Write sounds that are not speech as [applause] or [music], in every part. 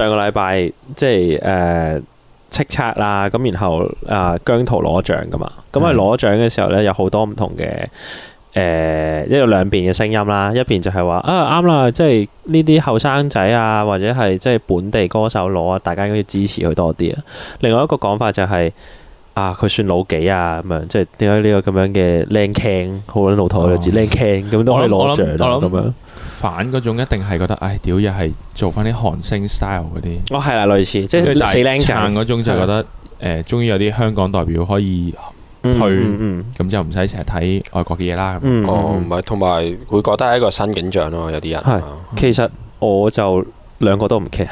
上個禮拜即係誒、呃、叱吒啦，咁然後啊、呃、姜濤攞獎㗎嘛，咁啊攞獎嘅時候咧有好多唔同嘅誒、呃、一個兩邊嘅聲音啦，一邊就係話啊啱啦，即係呢啲後生仔啊或者係即係本地歌手攞啊，大家應該要支持佢多啲啊。另外一個講法就係、是、啊佢算老幾啊咁樣，即係點解呢個咁樣嘅靚 king 好撚老土嘅字靚 king 咁都可以攞獎咁樣。反嗰種一定係覺得，唉、哎、屌！又係做返啲韓星 style 嗰啲，哦係啦，類似即係死僆仔嗰種就覺得，誒的、呃、終於有啲香港代表可以去，咁、嗯嗯嗯、就唔使成日睇外國嘅嘢啦。嗯嗯、哦，唔係，同埋會覺得係一個新景象咯，有啲人係。是嗯、其實我就。兩個都唔 care，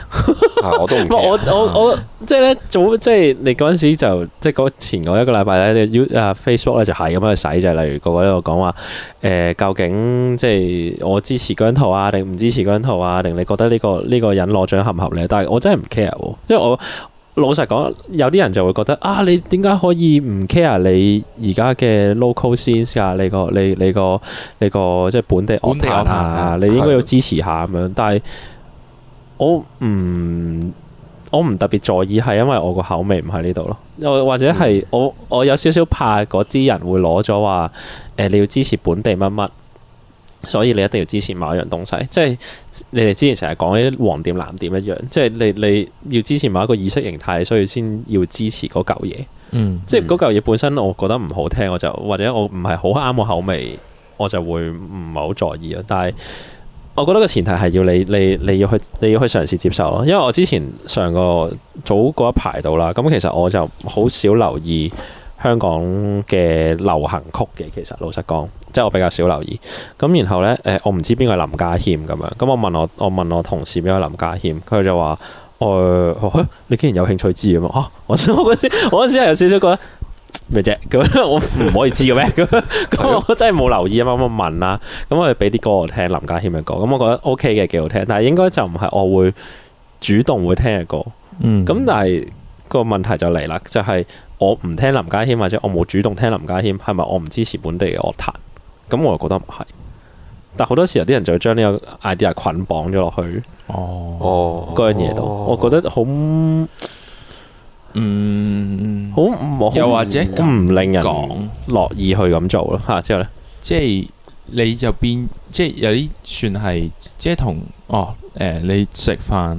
[laughs] [laughs] 我都唔、啊。 [laughs] 我我我即係咧，早即係你嗰陣時就即係前嗰一個禮拜咧，Facebook 咧就係咁樣去使就係，例如個個喺度講話誒，究竟即係我支持姜濤啊，定唔支持姜濤啊？定你覺得呢、這個呢、這個人攞獎合唔合理、啊？但係我真係唔 care，即係我老實講，有啲人就會覺得啊，你點解可以唔 care 你而家嘅 local scene 啊？你個你你個你個即係本地塔塔、啊、本地塔塔啊？你應該要支持下咁是的 樣，但係。但我唔，我唔特別在意，係因為我個口味唔喺呢度咯。又或者係我，我有少少怕嗰啲人會攞咗話，誒、呃、你要支持本地乜乜，所以你一定要支持某樣東西。即係你哋之前成日講啲黃點藍點一樣，即係你你要支持某一個意識形態，所以先要支持嗰嚿嘢。嗯，即係嗰嚿嘢本身，我覺得唔好聽，我就或者我唔係好啱我口味，我就會唔係好在意咯。但係。我覺得個前提係要你你你要去你要去嘗試接受咯，因為我之前上個早嗰一排到啦，咁其實我就好少留意香港嘅流行曲嘅，其實老實講，即係我比較少留意。咁然後呢，誒、呃、我唔知邊個係林家謙，咁樣，咁我問我我問我同事邊個係林家謙？佢就話：誒、呃哎，你竟然有興趣知咁嘛、啊？我我嗰時我嗰時係有少少覺得。咩啫？咁什 [laughs] 我唔可以知嘅咩？咁 [laughs] 咁 [laughs] 我真係冇留意啊嘛！咁我問啦，咁我哋俾啲歌我聽林家謙嘅歌，咁我覺得 OK 嘅，幾好聽。但係應該就唔係我會主動會聽嘅歌。咁、嗯、但係個問題就嚟啦，就係、是、我唔聽林家謙，或者我冇主動聽林家謙，係咪我唔支持本地嘅樂壇？咁我又覺得唔係。但好多時候啲人就會將呢個 idea 捆綁咗落去。哦，嗰樣嘢都，哦、我覺得好。嗯，好、嗯，又或者咁唔令人樂意去咁做咯，吓、啊、之後呢，即係你就變，即係有啲算係，即係同哦，誒、呃，你飯食飯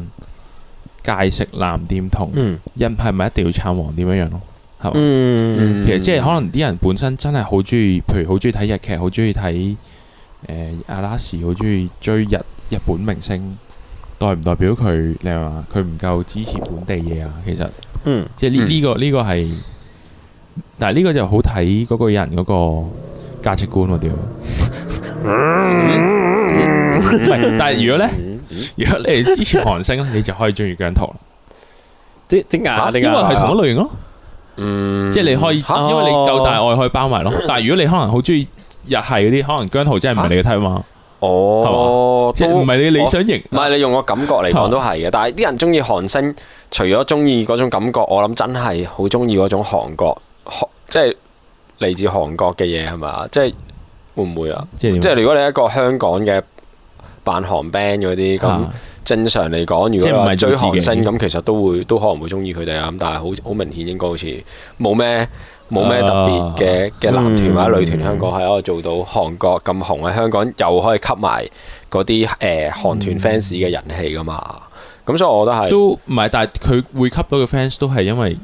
戒食藍店同日係咪一定要撐黃點樣樣咯？係嘛，其實即係可能啲人本身真係好中意，譬如好中意睇日劇，好中意睇阿拉斯，好中意追日日本明星，代唔代表佢你話佢唔夠支持本地嘢啊？其實。嗯，即係呢呢個呢、嗯、個係，但係呢個就好睇嗰個人嗰個價值觀喎屌，但係如果呢，如果你係支持韓星咧， [laughs] 你就可以中意姜濤，即係點解？因為係同一類型咯、啊，即係、嗯、你可以，麼因為你夠大愛可以包埋咯、啊。麼但係如果你可能好中意日係嗰啲，可能姜濤真係唔係你嘅睇啊嘛。哦，吧都即係唔係你理想型？唔係你用個感覺嚟講都係嘅，啊、但係啲人中意韓星，除咗中意嗰種感覺，我諗真係好中意嗰種韓國，韓，即係嚟自韓國嘅嘢係咪啊？即係會唔會啊？即係如果你一個香港嘅辦韓 band 嗰啲咁，啊、正常嚟講，如果唔係追韓星咁，其實都會都可能會中意佢哋啊。咁但係好好明顯，應該好似冇咩。冇咩特別嘅嘅男團或者、啊嗯、女團，香港係可以做到韓國咁紅嘅，嗯、香港又可以吸埋嗰啲誒韓團 fans 嘅人氣噶嘛？咁、嗯、所以我覺得係都唔係，但係佢會吸到嘅 fans 都係因為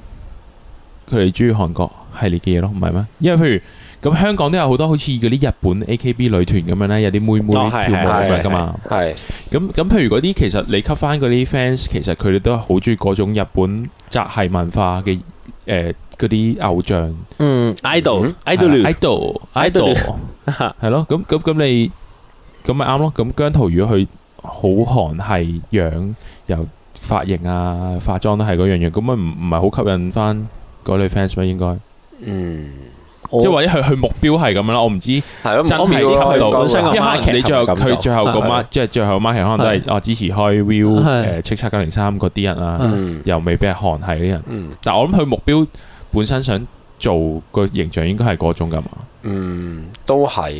佢哋中意韓國系列嘅嘢咯，唔係咩？因為譬如咁，香港都有好多好似嗰啲日本 AKB 女團咁樣咧，有啲妹妹跳舞嘅嘛。係咁咁，譬如嗰啲其實你吸翻嗰啲 fans，其實佢哋都係好中意嗰種日本宅系文化嘅。誒，嗰啲，呃，偶像，嗯，idol，idol，idol，idol，係咯，咁咁咁你，咁咪啱咯，咁姜濤如果佢好韓系樣，又髮型啊、化妝都係嗰樣樣，咁咪唔唔係好吸引翻嗰類 fans 咩？應該，嗯。即係或者佢佢目標係咁樣啦，我唔知真係唔知道。因為你最後佢最後個 market，即係最後個 market，可能都係哦支持開 Viu 誒叱吒九零三嗰啲人啦，又未必係韓系啲人。但係我諗佢目標本身想做個形象應該係嗰種㗎嘛。嗯，都係，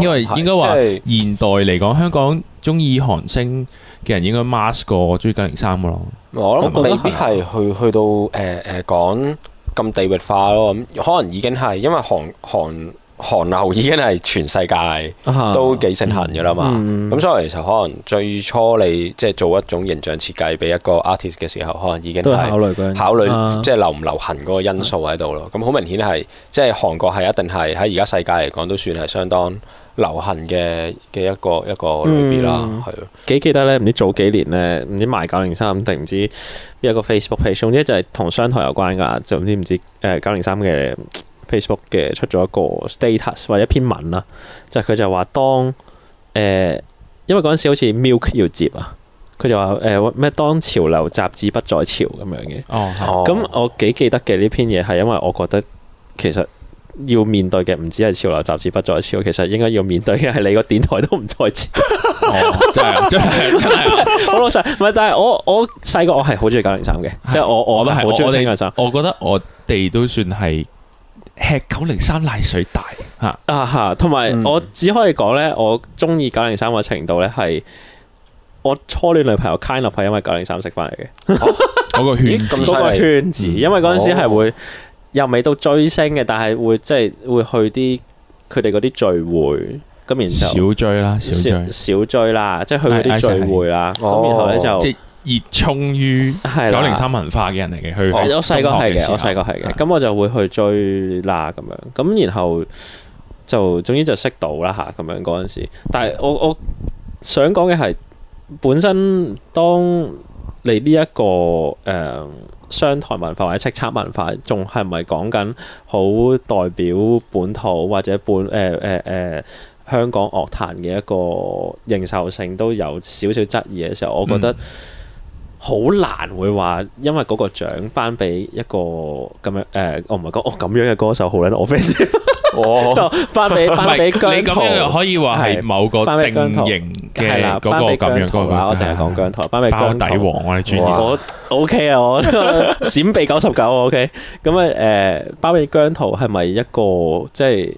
因為應該話現代嚟講，香港中意韓星嘅人應該 mask 過中意九零三嘅咯。我諗未必係去去到誒誒講。咁地域化咯，咁可能已經係因為韓韓。韓流已經係全世界都幾盛行嘅啦嘛，咁所以其實可能最初你即係、即係、做一種形象設計俾一個 artist 嘅時候，可能已經都考慮嘅，考慮、考慮、啊、即係流唔流行嗰個因素喺度咯。咁好、啊、明顯係即係韓國係一定係喺而家世界嚟講都算係相當流行嘅嘅一個一個類別啦。係咯、嗯，幾的記得咧？唔知早幾年咧，唔知賣九零三定唔知邊一個 Facebook page，總之就係同商台有關㗎，就唔知唔、呃、知誒九零三嘅。Facebook 嘅出咗一個 status 或者一篇文啦，就係佢就話當誒，因為嗰陣時好似 Milk 要接啊，佢就話誒咩當潮流雜誌不再潮咁樣嘅。哦，咁我幾記得嘅呢篇嘢，係因為我覺得其實要面對嘅唔止係潮流雜誌不再潮，其實應該要面對嘅係你個電台都唔再潮。真係真係真係，好老實唔係，但係我我細個我係好中意九零三嘅，即係我我都好中意。我覺得我哋都算係。吃九零三奶水大嚇啊！嚇，同埋我只可以講咧，我中意九零三嘅程度咧，係我初戀女朋友 Kind of 係因為九零三食翻嚟嘅，我個圈咁多個圈子，因為嗰陣時係會又未、哦、到追星嘅，但係會即係、就是、會去啲佢哋嗰啲聚會咁，然後就小追啦，少少追，追啦，即、就、係、是、去嗰啲聚會啦，咁、哎就是、然後咧、哦、就。熱衷於九零三文化嘅人嚟嘅，哦、去我細個係嘅，我細個係嘅，咁的我就會去追啦咁樣，咁的然後就，的就總之就識到啦嚇咁樣嗰陣時。但係我我想講嘅係，本身當你呢、這、一個誒商、呃、台文化或者叱咤文化，仲係咪係講緊好代表本土或者本誒誒誒香港樂壇嘅一個認受性都有少少質疑嘅時候，我覺得、嗯。好難會話，因為嗰個獎頒俾一個咁樣誒，我唔係講哦咁樣嘅歌手好咧，我 fans 哦，頒俾頒俾姜濤，你咁樣又可以話係某個定型嘅嗰個咁樣嘅。我淨係講姜濤，包底王我哋專業。我 OK 啊，我閃避九十九啊，OK。咁啊誒，包俾姜濤係咪一個即係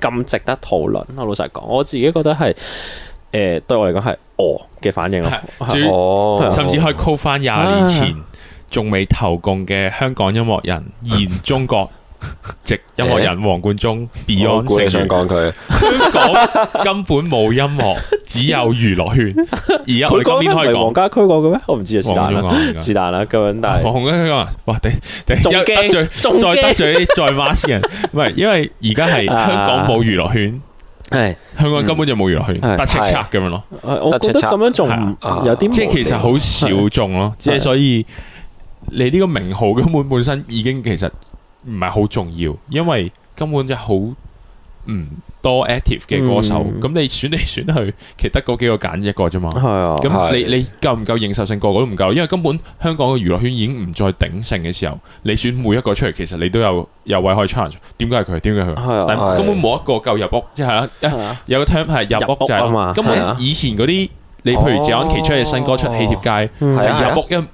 咁值得討論？我老實講，我自己覺得係。誒，對我嚟講係哦嘅反應，甚至可以 call 翻廿年前仲未投共嘅香港音樂人，現中國籍音樂人黃貫中，Beyond，你想講佢，香港根本冇音樂，只有娛樂圈。而家我哋邊可以講？黃家駒講嘅咩？我唔知啊，是但啦，是但啦。咁樣但係，我同佢講，哇，得得得罪，再得罪再馬斯人，唔係，因為而家係香港冇娛樂圈。係香港根本就冇娛樂去，得車車咁樣咯。我覺得咁樣仲、啊、有啲，咩？即係其實好少眾咯。即係、啊啊、所以，你呢個名號根本本身已經其實唔係好重要，因為根本就好。嗯，多 active 嘅歌手，咁你選嚟選去，其實得嗰幾個揀一個啫嘛。係啊，咁你你夠唔夠認受性？個個都唔夠，因為根本香港嘅娛樂圈已經唔再鼎盛嘅時候，你選每一個出嚟，其實你都有有位可以 charge。點解係佢？點解佢？係啊，根本冇一個夠入屋，即係啊，有個 term 係入屋就係嘛。根本以前嗰啲，你譬如謝安琪出嘅新歌出《喜帖街》，係入屋因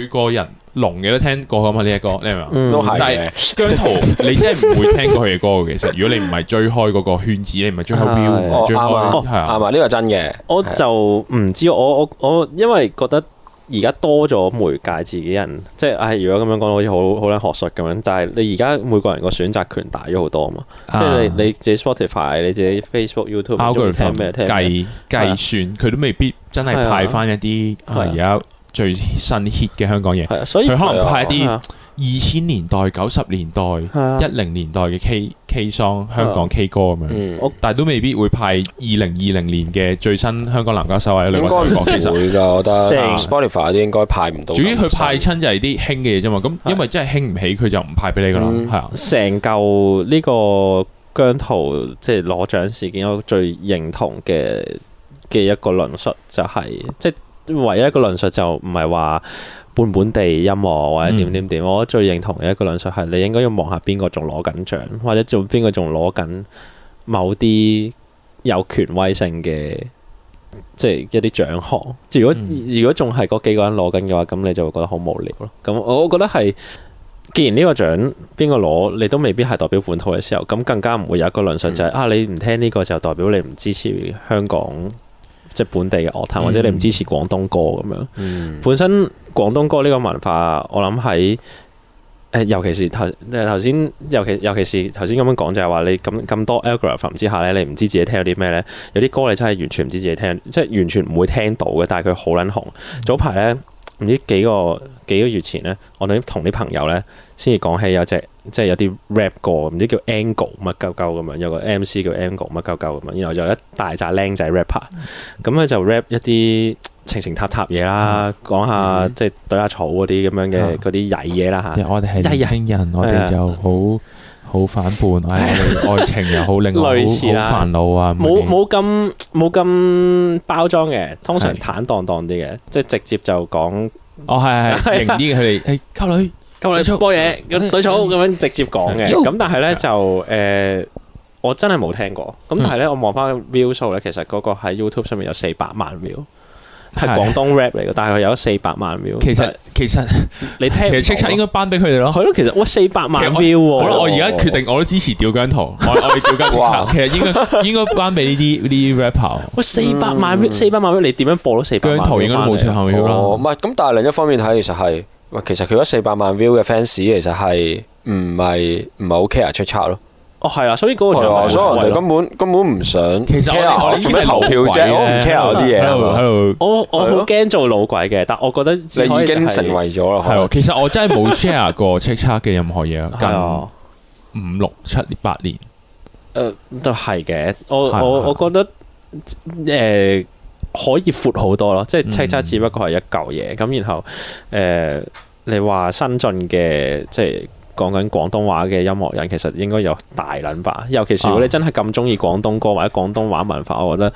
每個人。聾嘅都聽過咁啊，呢一個，你係咪都係？但係姜濤，你真係唔會聽過佢嘅歌嘅。其實如果你唔係追開嗰個圈子，你唔係追開 Viu，追開哦，啱，呢個真嘅。我就唔知，我我我因為覺得而家多咗媒介，自己人即係，如果咁樣講，好似好好撚學術咁樣。但係你而家每個人個選擇權大咗好多啊嘛，即係你你自己 Spotify，你自己 Facebook、YouTube，中意聽咩聽。計計算佢都未必真係派翻一啲，而家，最新 h e t 嘅香港嘢，佢、啊、可能派啲二千年代、九十、啊、年代、一零、啊、年代嘅 K K 桑香港 K 歌咁樣，啊嗯、但係都未必會派二零二零年嘅最新香港男歌手啊！應該唔會㗎，我覺得。成 s p o 派唔到。主要佢派親就係啲興嘅嘢啫嘛，咁因為真係興唔起，佢就唔派俾你㗎啦。係啊，成嚿呢個疆圖即係攞獎事件，我最認同嘅嘅一個論述就係即係。就是就是唯一一個論述就唔係話半本地音樂或者點點點，我最認同嘅一個論述係你應該要望下邊個仲攞緊獎，或者仲邊個仲攞緊某啲有權威性嘅，即係一啲獎項。即係如果如果仲係嗰幾個人攞緊嘅話，咁你就會覺得好無聊咯。咁我覺得係，既然呢個獎邊個攞，你都未必係代表本土嘅時候，咁更加唔會有一個論述就係、是嗯、啊你唔聽呢個就代表你唔支持香港。即係本地嘅樂壇，或者你唔支持廣東歌咁樣。嗯、本身廣東歌呢個文化，我諗喺誒，尤其是頭即係頭先，尤其尤其是頭先咁樣講，就係、是、話你咁咁多 algorithm、um、之下咧，你唔知自己聽有啲咩咧。有啲歌你真係完全唔知自己聽，即係完全唔會聽到嘅。但係佢好撚紅。嗯、早排咧，唔知幾個幾個月前咧，我哋同啲朋友咧先至講起有隻。即係有啲 rap 過，唔知叫 Angle 乜鳩鳩咁樣，有個 MC 叫 Angle 乜鳩鳩咁樣，然後就一大紮靚仔 rapper，咁咧就 rap 一啲情情塔塔嘢啦，講下即係對下草嗰啲咁樣嘅嗰啲曳嘢啦吓，年輕人我哋就好好反叛，愛情又好令我好煩惱啊，冇冇咁冇咁包裝嘅，通常坦蕩蕩啲嘅，即係直接就講，哦係係型啲佢哋，欸，溝女。溝嚟粗播嘢，咁懟粗咁樣直接講嘅，咁但係咧就誒，我真係冇聽過。咁但係咧，我望翻 view 數咧，其實嗰個喺 YouTube 上面有四百萬 view 係廣東 rap 嚟嘅，但係有四百萬 view。其實其實你聽，其實叱咤應該頒俾佢哋咯。係咯，其實我四百萬 view，好啦，我而家決定，我都支持吊姜濤，我我吊姜濤。其實應該應該頒俾呢啲呢 rapper。我四百萬 view 四百萬 view 你點樣播到四百萬？姜濤應該冇出後腰啦。唔係，咁但係另一方面睇，其實係。喂，其實佢嗰四百萬 view 嘅 fans 其實係唔係唔係好 care check check 咯？哦，係啊、oh，吧所以嗰個就係所謂。所以人哋根本根本唔想 care 做投票啫。我唔 care 啲嘢喺度。我我好驚做老鬼嘅，但我覺得、就是、你已經成為咗啦。係其實我真係冇 share 過 check check 嘅任何嘢啊，近五六七八年。誒、 [laughs] 呃，都係嘅。我我我覺得誒。呃可以闊好多咯，即係叱咤只不過係一嚿嘢。咁、嗯、然後，誒、呃，你話新進嘅，即係講緊廣東話嘅音樂人，其實應該有大撚把。尤其是如果你真係咁中意廣東歌或者廣東話文化，我覺得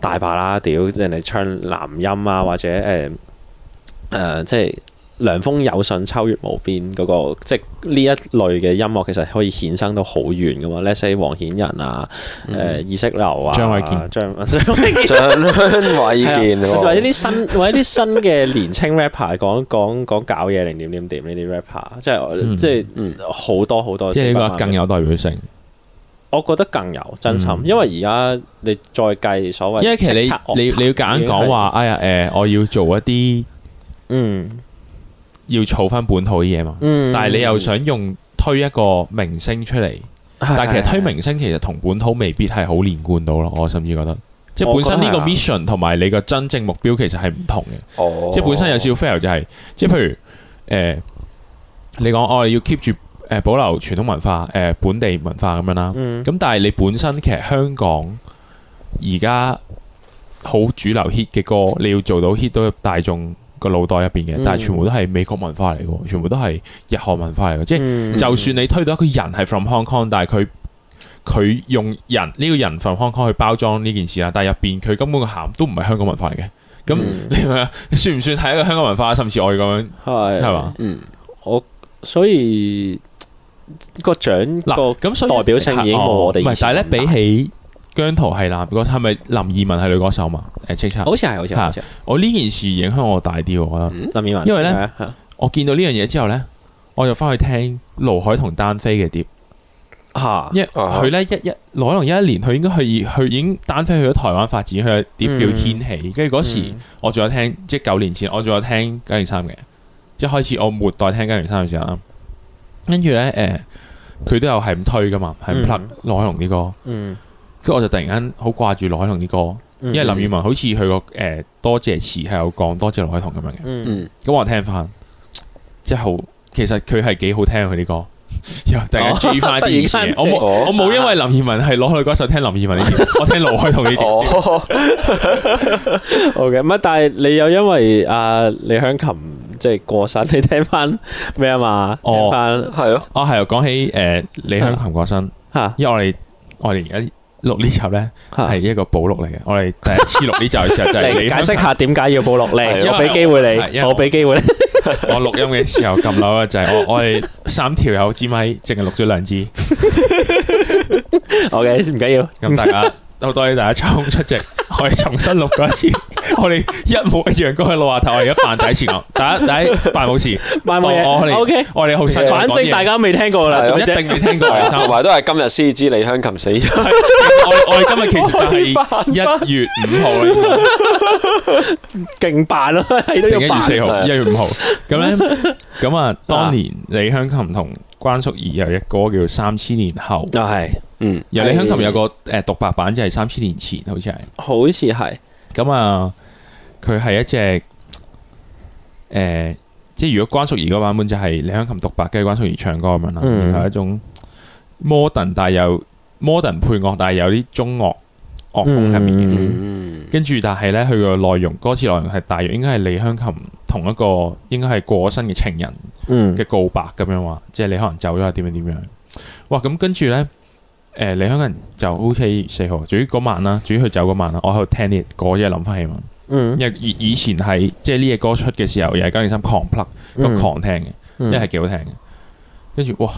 大把啦屌。屌人哋唱南音啊，或者誒誒，即、呃、係。就是涼風有信，秋月無邊，嗰個即係呢一類嘅音樂，其實可以衍生到好遠噶嘛。Leslie 黃顯仁啊，誒、呃，意識流啊，張偉健、啊，張張張偉健，或者啲新或者啲新嘅年青 rapper 講講講搞嘢定點點點呢啲 rapper，即係、嗯、即係好、嗯、多好多百百。即係你覺得更有代表性？我覺得更有真心，嗯、因為而家你再計所謂，因為其實你你你要簡講話哎呀，誒，我要做一啲嗯。要儲翻本土啲嘢嘛？嗯，但係你又想用推一個明星出嚟，的但係其實推明星其實同本土未必係好連貫到咯。我甚至覺得，哦、即係本身呢個 mission 同埋、嗯、你個真正目標其實係唔同嘅。哦、即係本身有少少 fail 就係、是，即係譬如誒、呃，你講我哋要 keep 住誒保留傳統文化誒、呃、本地文化咁樣啦。嗯，咁但係你本身其實香港而家好主流 hit 嘅歌，你要做到 hit 到大眾。個腦袋入邊嘅，但係全部都係美國文化嚟嘅，全部都係日韓文化嚟嘅，即係就算你推到一個人係 from Hong Kong，但係佢佢用人呢、呢個人 from Hong Kong 去包裝呢件事啦，但係入邊佢根本個咸都唔係香港文化嚟嘅，咁你話算唔算係一個香港文化？甚至我哋咁樣係係嘛？是吧嗯，我所以個獎嗱咁，所以、那個那個、代表性已經冇我哋，但係咧比起。姜濤係男歌，係咪林二汶係女歌手嘛？誒好似係，好似係。我呢件事影響我大啲，我覺得。林二汶。因為咧，啊、我見到呢樣嘢之後咧，我就翻去聽盧凱彤單飛嘅碟。吓。一佢咧一羅一盧凱彤一一年，佢應該去已佢已經單飛去咗台灣發展，佢嘅碟叫天氣《天氣、嗯》。跟住嗰時我仲有聽，即係九年前我仲有聽九零三嘅，即係開始我末代聽九零三嘅時候啦。跟住咧，誒、呃，佢都有係咁推噶嘛，係咁 plug 盧凱彤呢個。嗯。嗯。跟住我就突然間好掛住羅海彤啲歌，因為林業文好似佢個誒多謝詞係有講多謝羅海彤咁樣嘅，咁我聽翻，即係好其實佢係幾好聽佢啲歌。又突然間注意翻啲詞我冇我冇，因為林業文係攞佢嗰首聽林業文啲歌，我聽羅海彤呢啲歌。好嘅，但係你又因為阿李香琴即係過身，你聽翻咩啊嘛？聽翻係咯，啊係啊，講起誒李香琴過身嚇，因為我哋我哋而家。錄呢集咧係一個補錄嚟嘅，我哋第一次錄呢集嘅時候，就係 [laughs] 你解釋下點解要補錄你，我俾機會你，我俾機會咧、 [laughs] 就是。我錄音嘅時候撳漏啊，就係我我哋三條友支咪，淨係錄咗兩支。 [laughs] OK，唔緊要，咁大家。好多謝大家抽空出席，我哋重新錄過一次，我哋一模一樣過去老話頭，我而家扮第一次，我第一第一扮冇事，扮我我嚟，O K，我嚟好新，反正大家未聽過啦，一定未聽過，同埋都係今日先知李香琴死咗，我我哋今日其實就係一月五號啦，勁扮咯，係都要扮，一月四號，一月五號，咁咧，咁啊，當年李香琴同。關淑怡有一歌叫《三千年後》哦，啊係，嗯，而李香琴有個誒讀、嗯、白版就係、是、三千年前，好似係，好似係，咁啊，佢係一隻誒、呃，即係如果關淑怡個版本就係李香琴讀白，嘅、就、住、是、關淑怡唱歌咁樣啦，係、嗯、一種 modern 但帶有 modern 配樂，但係有啲中樂。樂風入面嘅，跟住、嗯、但係呢，佢個內容歌詞內容係大約應該係李香琴同一個應該係過咗身嘅情人嘅告白咁樣話，嗯、即係你可能走咗啦，點樣點樣，哇！咁跟住呢，誒、呃，李香琴就 OK 四號，至於嗰晚啦，至於佢走嗰晚啦，我喺度聽呢歌，即係諗翻起嘛，嗯、因為以以前係即係呢隻歌出嘅時候，又係九零三狂 plug 咁狂聽嘅，一係幾好聽嘅，跟住哇，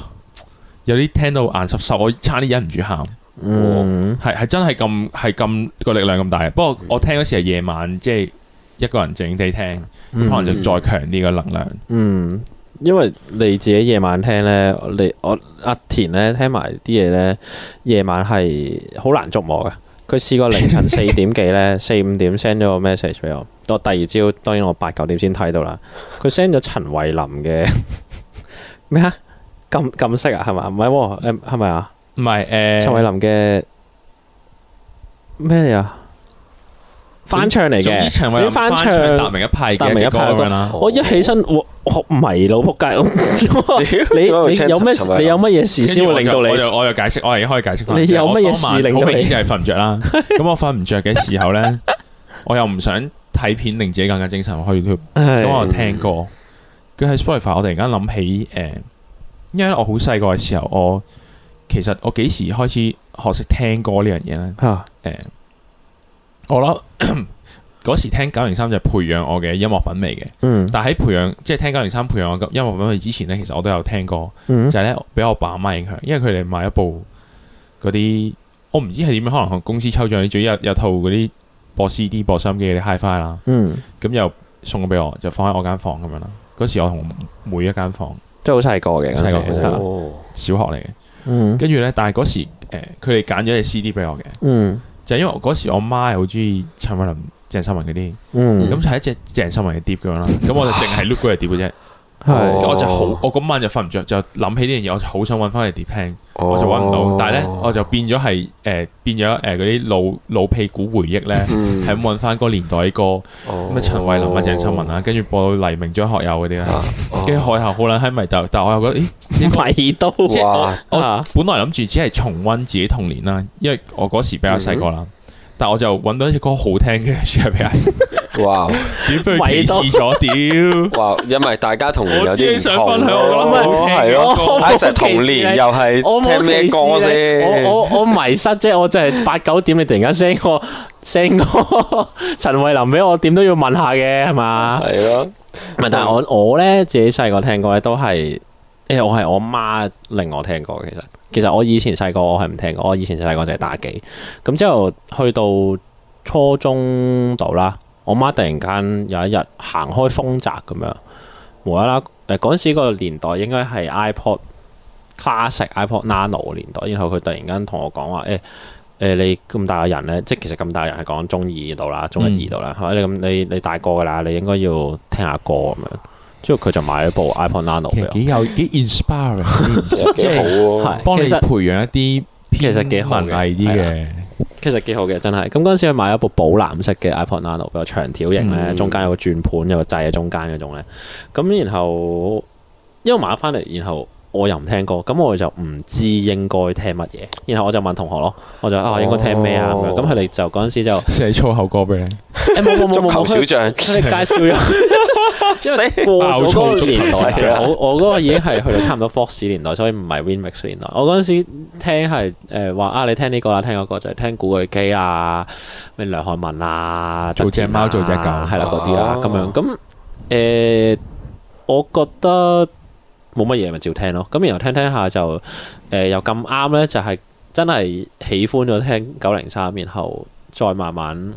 有啲聽到眼濕濕，我差啲忍唔住喊。嗯，係係真係咁係咁個力量咁大嘅。不過我聽嗰時係夜晚，即係一個人靜靜地聽，嗯、可能就再強啲個能量。嗯，因為你自己夜晚聽咧，你我，我阿田咧聽埋啲嘢咧，夜晚係好難捉摸嘅。佢試過凌晨四點幾咧，四五 [laughs] 點 send 咗個 message 俾我，我第二朝當然我八九點先睇到啦。佢 send 咗陳慧琳嘅咩啊？咁咁識啊？係咪？唔係係咪啊？唔係，誒，陳慧琳嘅咩啊？翻唱嚟嘅，仲有翻唱達明一派嘅歌啦。我一起身，我我迷到仆街咯。你你有咩？你有乜嘢事先會令到你？我又我又解釋，我已經可以解釋翻。你有乜嘢事令到你？好明顯就係瞓唔着啦。咁我瞓唔着嘅時候咧，我又唔想睇片令自己更加精神，可以咁我聽歌。佢喺 Spotify，我突然間諗起誒，因為咧我好細個嘅時候我。其實我幾時開始學識聽歌呢樣嘢咧？吓、啊，誒、um，我諗嗰時聽九零三就培養我嘅音樂品味嘅。嗯。但係喺培養即係聽九零三培養我音樂品味之前咧，其實我都有聽歌。就係咧，俾我爸媽影響，因為佢哋買一部嗰啲，我唔知係點樣，可能公司抽獎啲，仲有有一套嗰啲播 CD 博士音響機啲 HiFi 啦。D, 嗯。咁又、um、送咗俾我，就放喺我間房咁樣啦。嗰時我同每一間房間，即係好細個嘅，細個嘅，小學嚟嘅。跟住、嗯、呢，但係嗰時佢哋揀咗隻 CD 俾我嘅，嗯，就係因為嗰時我媽係好中意陳慧琳、鄭秀文嗰啲，嗯，咁就係一隻鄭秀文嘅碟咁樣啦，咁、嗯、我就淨係 look 嗰隻碟嘅啫。 [laughs] 係、oh,，我就好，我嗰晚就瞓唔着，就諗起呢樣嘢，我就好想揾翻嚟 depend，我就揾唔到，但係咧，我就變咗係誒，變咗誒嗰啲老老屁股回憶咧，係咁揾翻嗰個年代啲歌、那個，咁啊陳慧琳啊鄭秀文啊，跟住播到黎明張學友嗰啲咧，跟住過後好捻閪咪？但但我又覺得，咦，味、這、道、個、 [laughs] 我，我本來諗住只係重溫自己童年啦、啊，因為我嗰時比較細個啦， [laughs] [laughs] 但係我就揾到一隻歌好聽嘅 share 俾哇！Wow, 迷失咗，屌！哇，因為大家有同有啲唔同，係咯。 [laughs] Ish 童年又係聽咩歌先？ [laughs] 我我我迷失即係， [laughs] 我就係八九點，你突然間 send 個 send 個陳慧琳俾我，點都要問下嘅，係嘛？係咯對了，唔 [coughs] 係但係我我咧自己細個聽歌咧都係誒、欸，我係我媽令我聽歌。其實其實我以前細個我係唔聽歌，我以前細個就係打機咁之後去到初中度啦。我媽突然間有一日行開豐澤，咁樣，無啦啦誒嗰陣時個年代應該係 iPod classic、iPod nano 年代，然後佢突然間同我講話誒誒，你咁大嘅人咧，即係其實咁大人係講中二度啦，中二度啦，係咪？嗯、你咁你你大個噶啦，你應該要聽下歌咁樣，之後佢就買咗部 iPod nano 嘅，幾有幾 inspiring，真係、 [laughs] 就是、好喎，是幫你培養一啲其實幾難捱啲嘅。實其實幾好嘅，真係。咁嗰陣時佢買一部寶藍色嘅 iPod Nano，長條形，嗯、個長條型咧，中間有個轉盤，有個掣喺中間嗰種咧。咁然後，因為買翻嚟，然後。我又唔聽歌，咁我就唔知應該聽乜嘢，然後我就問同學咯，我就啊應該聽咩啊咁，咁佢哋就嗰陣時就寫粗口歌俾你，足球小將，佢介紹咗，因為過咗重機年代啦，我我嗰個已經係去到差唔多 Fox 年代，所以唔係 Winx 年代。我嗰陣時聽係誒話啊，你聽呢個啦，聽嗰個就係聽古巨基啊，咩梁漢文啊，做隻貓做隻狗係啦嗰啲啦，咁樣咁誒，我覺得。冇乜嘢咪照聽咯，咁然後聽聽下就，誒、呃、又咁啱呢，就係、是、真係喜歡咗聽九零三，然後再慢慢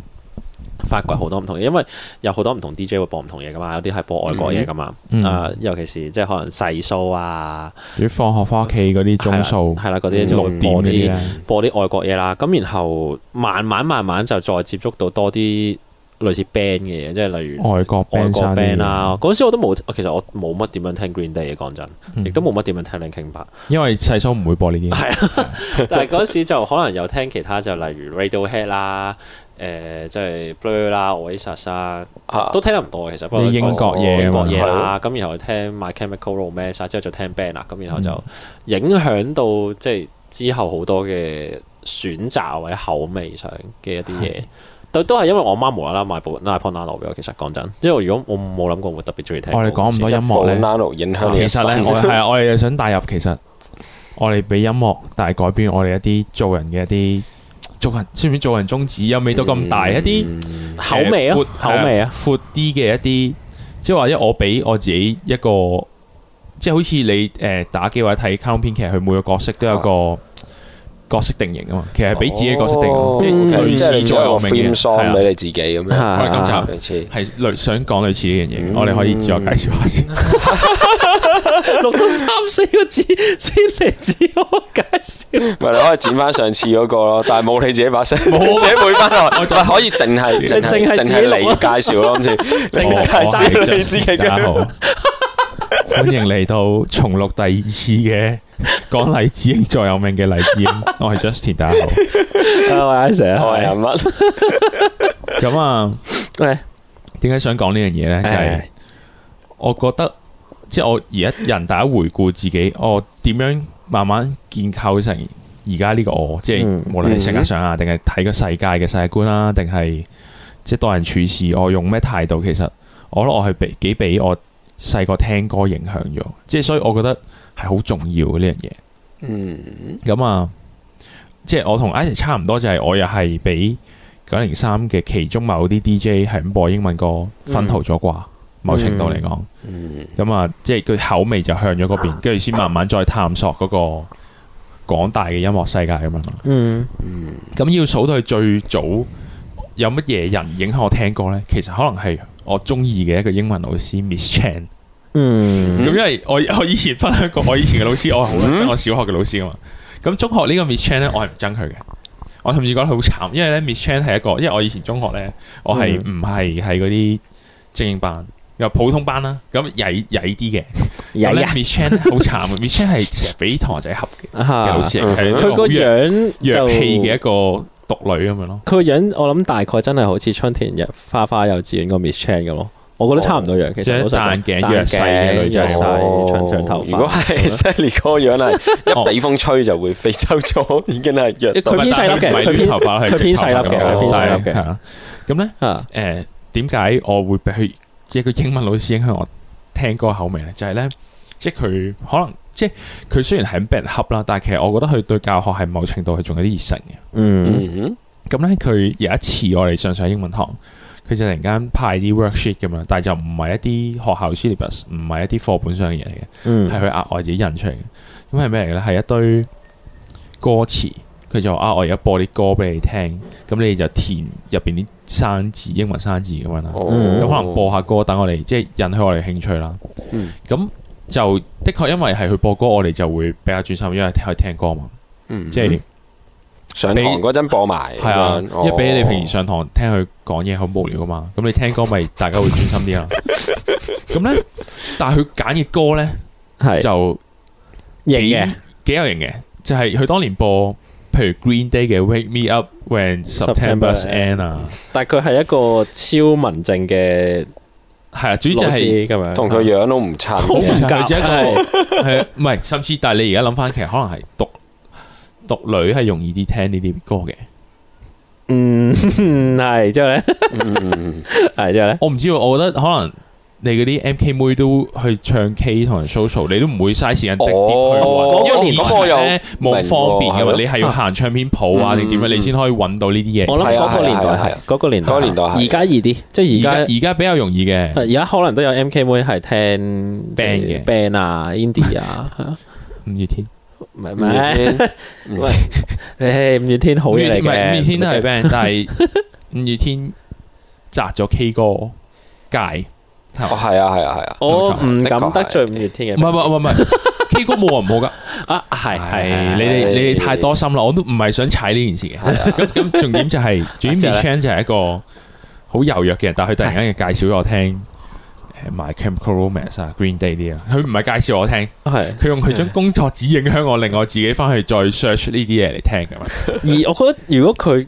發掘好多唔同嘢，因為有好多唔同 DJ 會播唔同嘢噶嘛，有啲係播外國嘢噶嘛，啊、嗯呃、尤其是即係可能細數啊，你放學翻屋企嗰啲鐘數，係啦啲會播啲播啲外國嘢啦，咁然後慢慢慢慢就再接觸到多啲。類似 band 嘅嘢，即係例如外國外國 band 啦。嗰時我都冇，其實我冇乜點樣聽 Green Day 嘅，講真，亦都冇乜點樣聽 Linkin Park，因為細個唔會播呢啲。係啊，但係嗰時就可能有聽其他，就例如 Radiohead 啦，誒即係 Blur 啦，Oasis 啊，都聽得唔多，其實不過英國嘢、英國嘢啦。咁然後聽 My Chemical Romance，之後就聽 band 啦。咁然後就影響到即係之後好多嘅選擇或者口味上嘅一啲嘢。都係因為我媽無啦啦買部 iPod nano 其實講真，即係如果我冇諗過會特別中意聽。我哋講唔到音樂咧，影響。其實咧， [music] 我係啊， [laughs] 我哋想帶入，其實我哋俾音樂，但係改變我哋一啲做人嘅一啲做人，算唔算做人宗旨又未到咁大一，一啲口味啊，口、啊、味啊，闊啲嘅一啲，即係或者我俾我自己一個，即係好似你誒打機或者睇卡通片，其實佢每個角色都有個。嗯角色定型啊嘛，其實係俾自己角色定型，即係類似在我名嘅，係啊，俾你自己咁樣。係啊，類似係類想講類似呢樣嘢，我哋可以自我介紹下先。錄到三四個字先嚟自我介紹。咪你可以剪翻上次嗰個咯，但係冇你自己把聲，自己回翻來。唔係可以淨係淨係淨係你介紹咯，好似淨係介紹你自己嘅。歡迎嚟到重錄第二次嘅講勵志，再命英最有名嘅勵志，我係 Justin，大家好，Hello，我係 Asher 我係阿乜咁啊？點解想講呢樣嘢咧？係、就是、我覺得即係、就是、我而家人大家回顧自己，我點樣慢慢建構成而家呢個我，即、就、係、是、無論性格上啊，定係睇個世界嘅世界觀啦、啊，定係即係待人處事，我用咩態度？其實我覺得我係幾俾我。細個聽歌影響咗，即係所以我覺得係好重要嘅呢樣嘢。嗯，咁啊，即係我同阿 s e r 差唔多，就係、是、我又係俾九零三嘅其中某啲 DJ 係咁播英文歌薰陶咗啩。嗯、某程度嚟講，咁、嗯嗯、啊，即係佢口味就向咗嗰邊，跟住先慢慢再探索嗰個廣大嘅音樂世界咁樣咯。嗯，咁要數到最早有乜嘢人影響我聽歌呢？其實可能係。我中意嘅一個英文老師 Miss Chan，嗯，咁因為我我以前分享過我以前嘅老師，我係好憎我小學嘅老師噶嘛，咁中學呢個 Miss Chan 咧，我係唔憎佢嘅，我甚至覺得佢好慘，因為咧 Miss Chan 係一個，因為我以前中學咧，我係唔係喺嗰啲精英班，又普通班啦，咁曳曳啲嘅，咁咧 Miss Chan 好慘，Miss Chan 係成日俾同學仔恰嘅老師，佢、啊嗯、個，個樣弱氣嘅一個淑女咁樣咯，佢個樣我諗大概真係好似春田日花花幼稚園個 Miss Chan 咁咯，我覺得差唔多樣。其實戴眼鏡弱勢嘅女就係長長頭髮。如果係 Sally 個樣係一俾風吹就會飛走咗，已經係弱勢。佢偏細粒嘅，佢偏頭髮係偏細粒嘅，偏細粒嘅。咁咧誒，點解我會俾佢一個英文老師影響我聽歌口味咧？就係咧。即係佢可能，即係佢雖然係咁俾人恰啦，但係其實我覺得佢對教學係某程度係仲有啲熱誠嘅。嗯、mm，咁咧佢有一次我哋上上英文堂，佢就突然間派啲 worksheet 咁樣，但係就唔係一啲學校 syllabus 唔係一啲課本上嘅嘢嚟嘅，係佢額外自己印出嚟。咁係咩嚟咧？係一堆歌詞，佢就啊，我而家播啲歌俾你聽，咁你就填入面啲生字、英文生字咁樣啦。咁、mm hmm. 可能播下歌，等我哋即係引起我哋興趣啦。咁、mm。Hmm. 就的確因為係佢播歌，我哋就會比較專心，因為可以聽歌嘛。嗯，即係上堂嗰陣播埋，係啊，因為俾你平時上堂聽佢講嘢好無聊啊嘛，咁你聽歌咪大家會專心啲啊。咁咧，但係佢揀嘅歌咧，係就型嘅，幾有型嘅，就係佢當年播，譬如 Green Day 嘅 Wake Me Up When September Ends 啊，但係佢係一個超文靜嘅。係啊，主要係咁樣，同佢樣都唔差。佢只係，唔係？甚至但係你而家諗翻，其實可能係獨獨女係容易啲聽呢啲歌嘅。嗯，係之後咧，係之後咧，我唔知，我覺得可能。你嗰啲 MK 妹都去唱 K 同人 social，你都唔會嘥時間滴滴去揾，因為以前咧冇方便嘅嘛，你係要行唱片鋪啊定點樣，你先可以揾到呢啲嘢。我諗嗰個年代係嗰個年代，而家易啲，即係而家而家比較容易嘅。而家可能都有 MK 妹係聽 band 嘅，band 啊，indie 啊，五月天，唔係咩？你係五月天好嘢嚟嘅，五月天都係 band，但係五月天摘咗 K 歌界。我係啊，係啊，係啊！我唔敢得罪五月天嘅。唔係唔係唔係，K 歌冇話唔好㗎。啊，係係，你哋你哋太多心啦！我都唔係想踩呢件事嘅。咁咁，重點就係，Michael 就係一個好柔弱嘅人，但係佢突然間又介紹咗我聽誒 My Chemical Romance 啊、Green Day 啲啊。佢唔係介紹我聽，係佢用佢張工作紙影響我，令我自己翻去再 search 呢啲嘢嚟聽嘅嘛。而我覺得，如果佢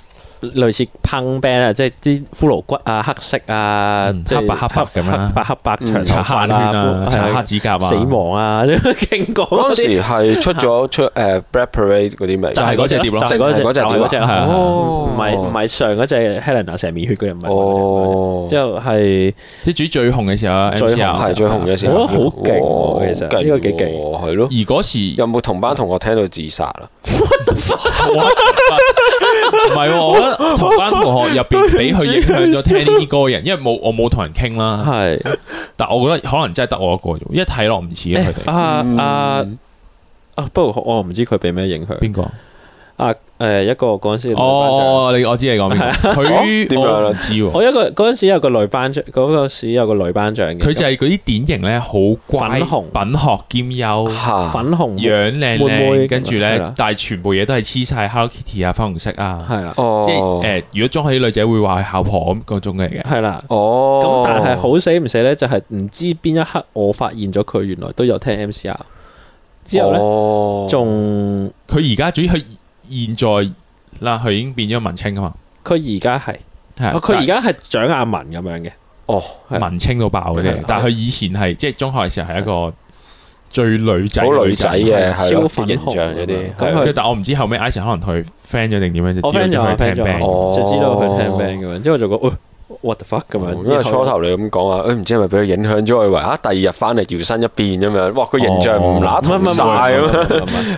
類似 Punk Band 啊，即係啲骷髏骨啊，黑色啊，即係黑白黑白咁樣，黑白黑白長頭髮圈啊，長黑指甲啊，死亡啊，呢個經過嗰陣時係出咗出誒 Black Parade 嗰啲咪就係嗰隻碟咯，就係嗰隻，就係隻係唔係唔係上嗰隻 Helena 成面血嗰隻咪哦，之後係即係煮最紅嘅時候啊，係最紅嘅時候，我覺得好勁，其實呢個幾勁，係咯，而嗰時有冇同班同學聽到自殺啦？唔係，我覺得同班同學入邊俾佢影響咗聽呢啲歌嘅人，因為冇我冇同人傾啦。係是，但我覺得可能真係得我一個，因為一睇落唔似佢哋。阿阿啊，不過我唔知佢俾咩影響，邊個誰啊？誒一個嗰陣時，哦，你我知你講咩？佢點樣？我知我一個嗰陣時有個女班長，嗰個時有個女班長嘅。佢就係嗰啲典型咧，好乖，品學兼優，粉紅，樣靚靚，跟住咧，但係全部嘢都係黐晒 Hello Kitty 啊，粉紅色啊，係啦，即係誒，如果裝起女仔會話係校婆咁嗰種嚟嘅。係啦，哦，咁但係好死唔死咧，就係唔知邊一刻我發現咗佢原來都有聽 MCR，之後咧，仲佢而家主要係。現在嗱，佢已經變咗文青㗎嘛？佢而家係係，佢而家係蔣雅文咁樣嘅。哦，文青到爆嗰啲，但係佢以前係即係中學嘅時候係一個最女仔女仔嘅形象啲。咁但係我唔知後尾 Ice 可能佢 friend 咗定點樣就知道佢聽 band，就知道佢聽 band 咁樣。之後就覺。what the fuck 因為初頭你咁講啊，誒唔知係咪俾佢影響咗我以為？哇！第二日翻嚟搖身一變咁樣，哇！佢形象唔乸同曬咁啊！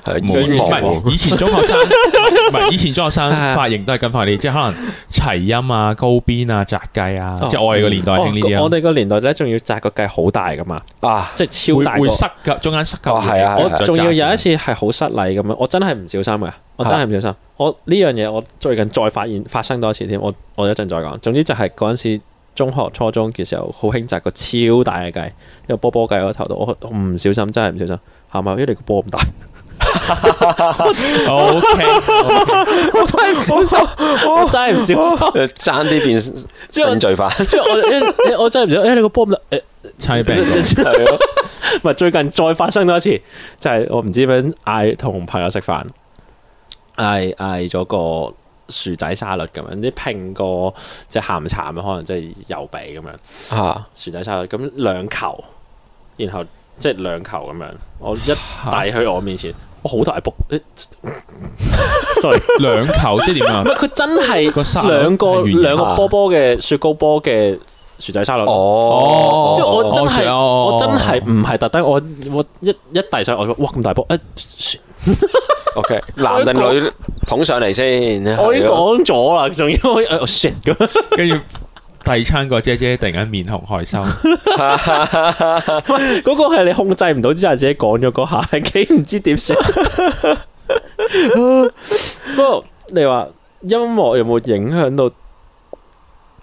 唔係以前中學生，唔係以前中學生髮型都係咁快啲，即係可能齊陰啊，高邊啊，紮雞啊。即係我哋個年代我哋個年代咧，仲要紮個雞好大噶嘛？啊！即係超大，會塞噶，中間塞噶。係啊，我仲要有一次係好失禮咁樣，我真係唔小心嘅。真係唔小心，我呢樣嘢我最近再發現發生多一次添，我我一陣再講。總之就係嗰陣時中學初中嘅時候好興紮個超大嘅髻，一個波波髻喺頭度，我唔小心，真係唔小心，係咪？因、欸、你個波咁大，OK 我真係唔小心， [laughs] 我真係唔小心，爭啲變犯罪犯。我真係唔小心，誒、 [laughs] [laughs] [laughs] 欸、你個波咁大，誒、欸，病係咯。唔 [laughs] [laughs] 最近再發生多一次，就係、是、我唔知點樣嗌同朋友食飯。嗌嗌咗個薯仔沙律咁樣，啲拼個即係鹹慘啦，可能即係油鼻咁樣。吓薯仔沙律咁兩球，然後即係兩球咁樣，我一遞去我面前，我好大波 sorry，兩球即係點啊？佢真係兩個兩個波波嘅雪糕波嘅薯仔沙律。哦，即係我真係噢我真係唔係特登，我我，我一一遞上我話哇咁大波誒！O K，男定女捧上嚟先。我已講咗啦，仲要我我 shit 咁，跟住遞餐個姐姐突然間面紅害羞。唔係，嗰個係你控制唔到，之下自己講咗嗰下，幾唔知點算。不過你話音樂有冇影響到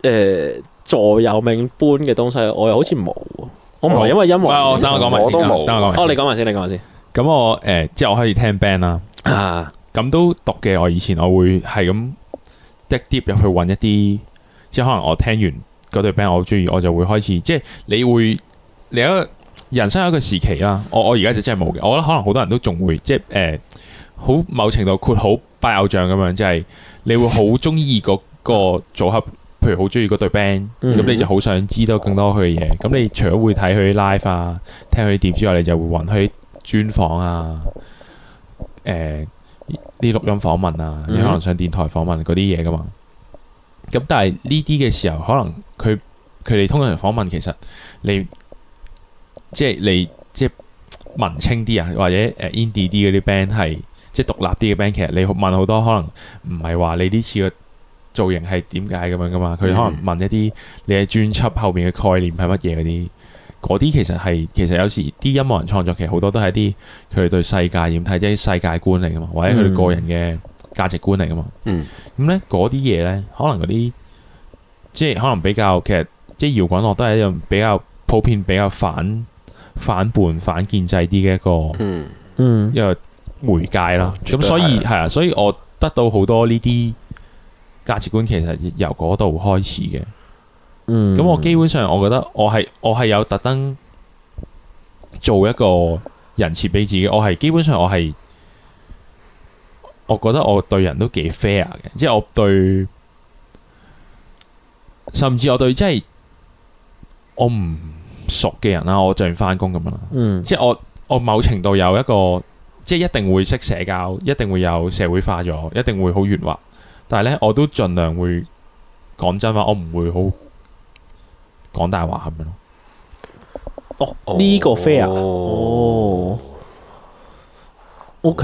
誒座右銘般嘅東西？我又好似冇。我唔係，因為音樂。唔係，等我講埋先。我都冇。等我講埋。哦，你講埋先，你講埋先。咁我誒之後開始聽 band 啦。啊，咁、uh, 都讀嘅。我以前我會係咁 deep 入去揾一啲，即係可能我聽完嗰對 band 我好中意，我就會開始即係你會你有一人生有一個時期啦。我我而家就真係冇嘅。我覺得可能好多人都仲會即係誒，好、uh, 某程度括好拜偶像咁樣，即、就、係、是、你會好中意嗰個組合， [laughs] 譬如好中意嗰對 band，咁你就好想知道更多佢嘅嘢。咁你除咗會睇佢啲 live 啊，聽佢啲碟之外，你就會揾佢啲專訪啊。誒，你、呃、錄音訪問啊，嗯、你可能上電台訪問嗰啲嘢噶嘛？咁但係呢啲嘅時候，可能佢佢哋通常訪問，其實你即係你即係文青啲啊，或者誒 indie 嗰啲 band 係即係獨立啲嘅 band，其實你問好多可能唔係話你呢次嘅造型係點解咁樣噶嘛？佢可能問一啲你嘅專輯後面嘅概念係乜嘢嗰啲。嗰啲其實係，其實有時啲音樂人創作其實好多都係啲佢哋對世界點睇，即係世界觀嚟噶嘛，或者佢哋個人嘅價值觀嚟噶嘛。嗯，咁咧嗰啲嘢咧，可能嗰啲即係可能比較，其實即係搖滾樂都係一樣比較普遍、比較反反叛、反建制啲嘅一個，嗯嗯，嗯一個媒介咯。咁絕對 所以係啊的，所以我得到好多呢啲價值觀，其實由嗰度開始嘅。嗯，咁我基本上，我覺得我係我係有特登做一個人設俾自己，我係基本上我係，我覺得我對人都幾 fair 嘅，即係我對，甚至我對即係、就是、我唔熟嘅人啦，我就返工咁樣啦，嗯，即係我我某程度有一個，即係一定會識社交，一定會有社會化咗，一定會好圓滑，但係呢，我都盡量會講真話，我唔會好。講大話咁樣咯，哦呢、這個 fair，哦，O Okay ?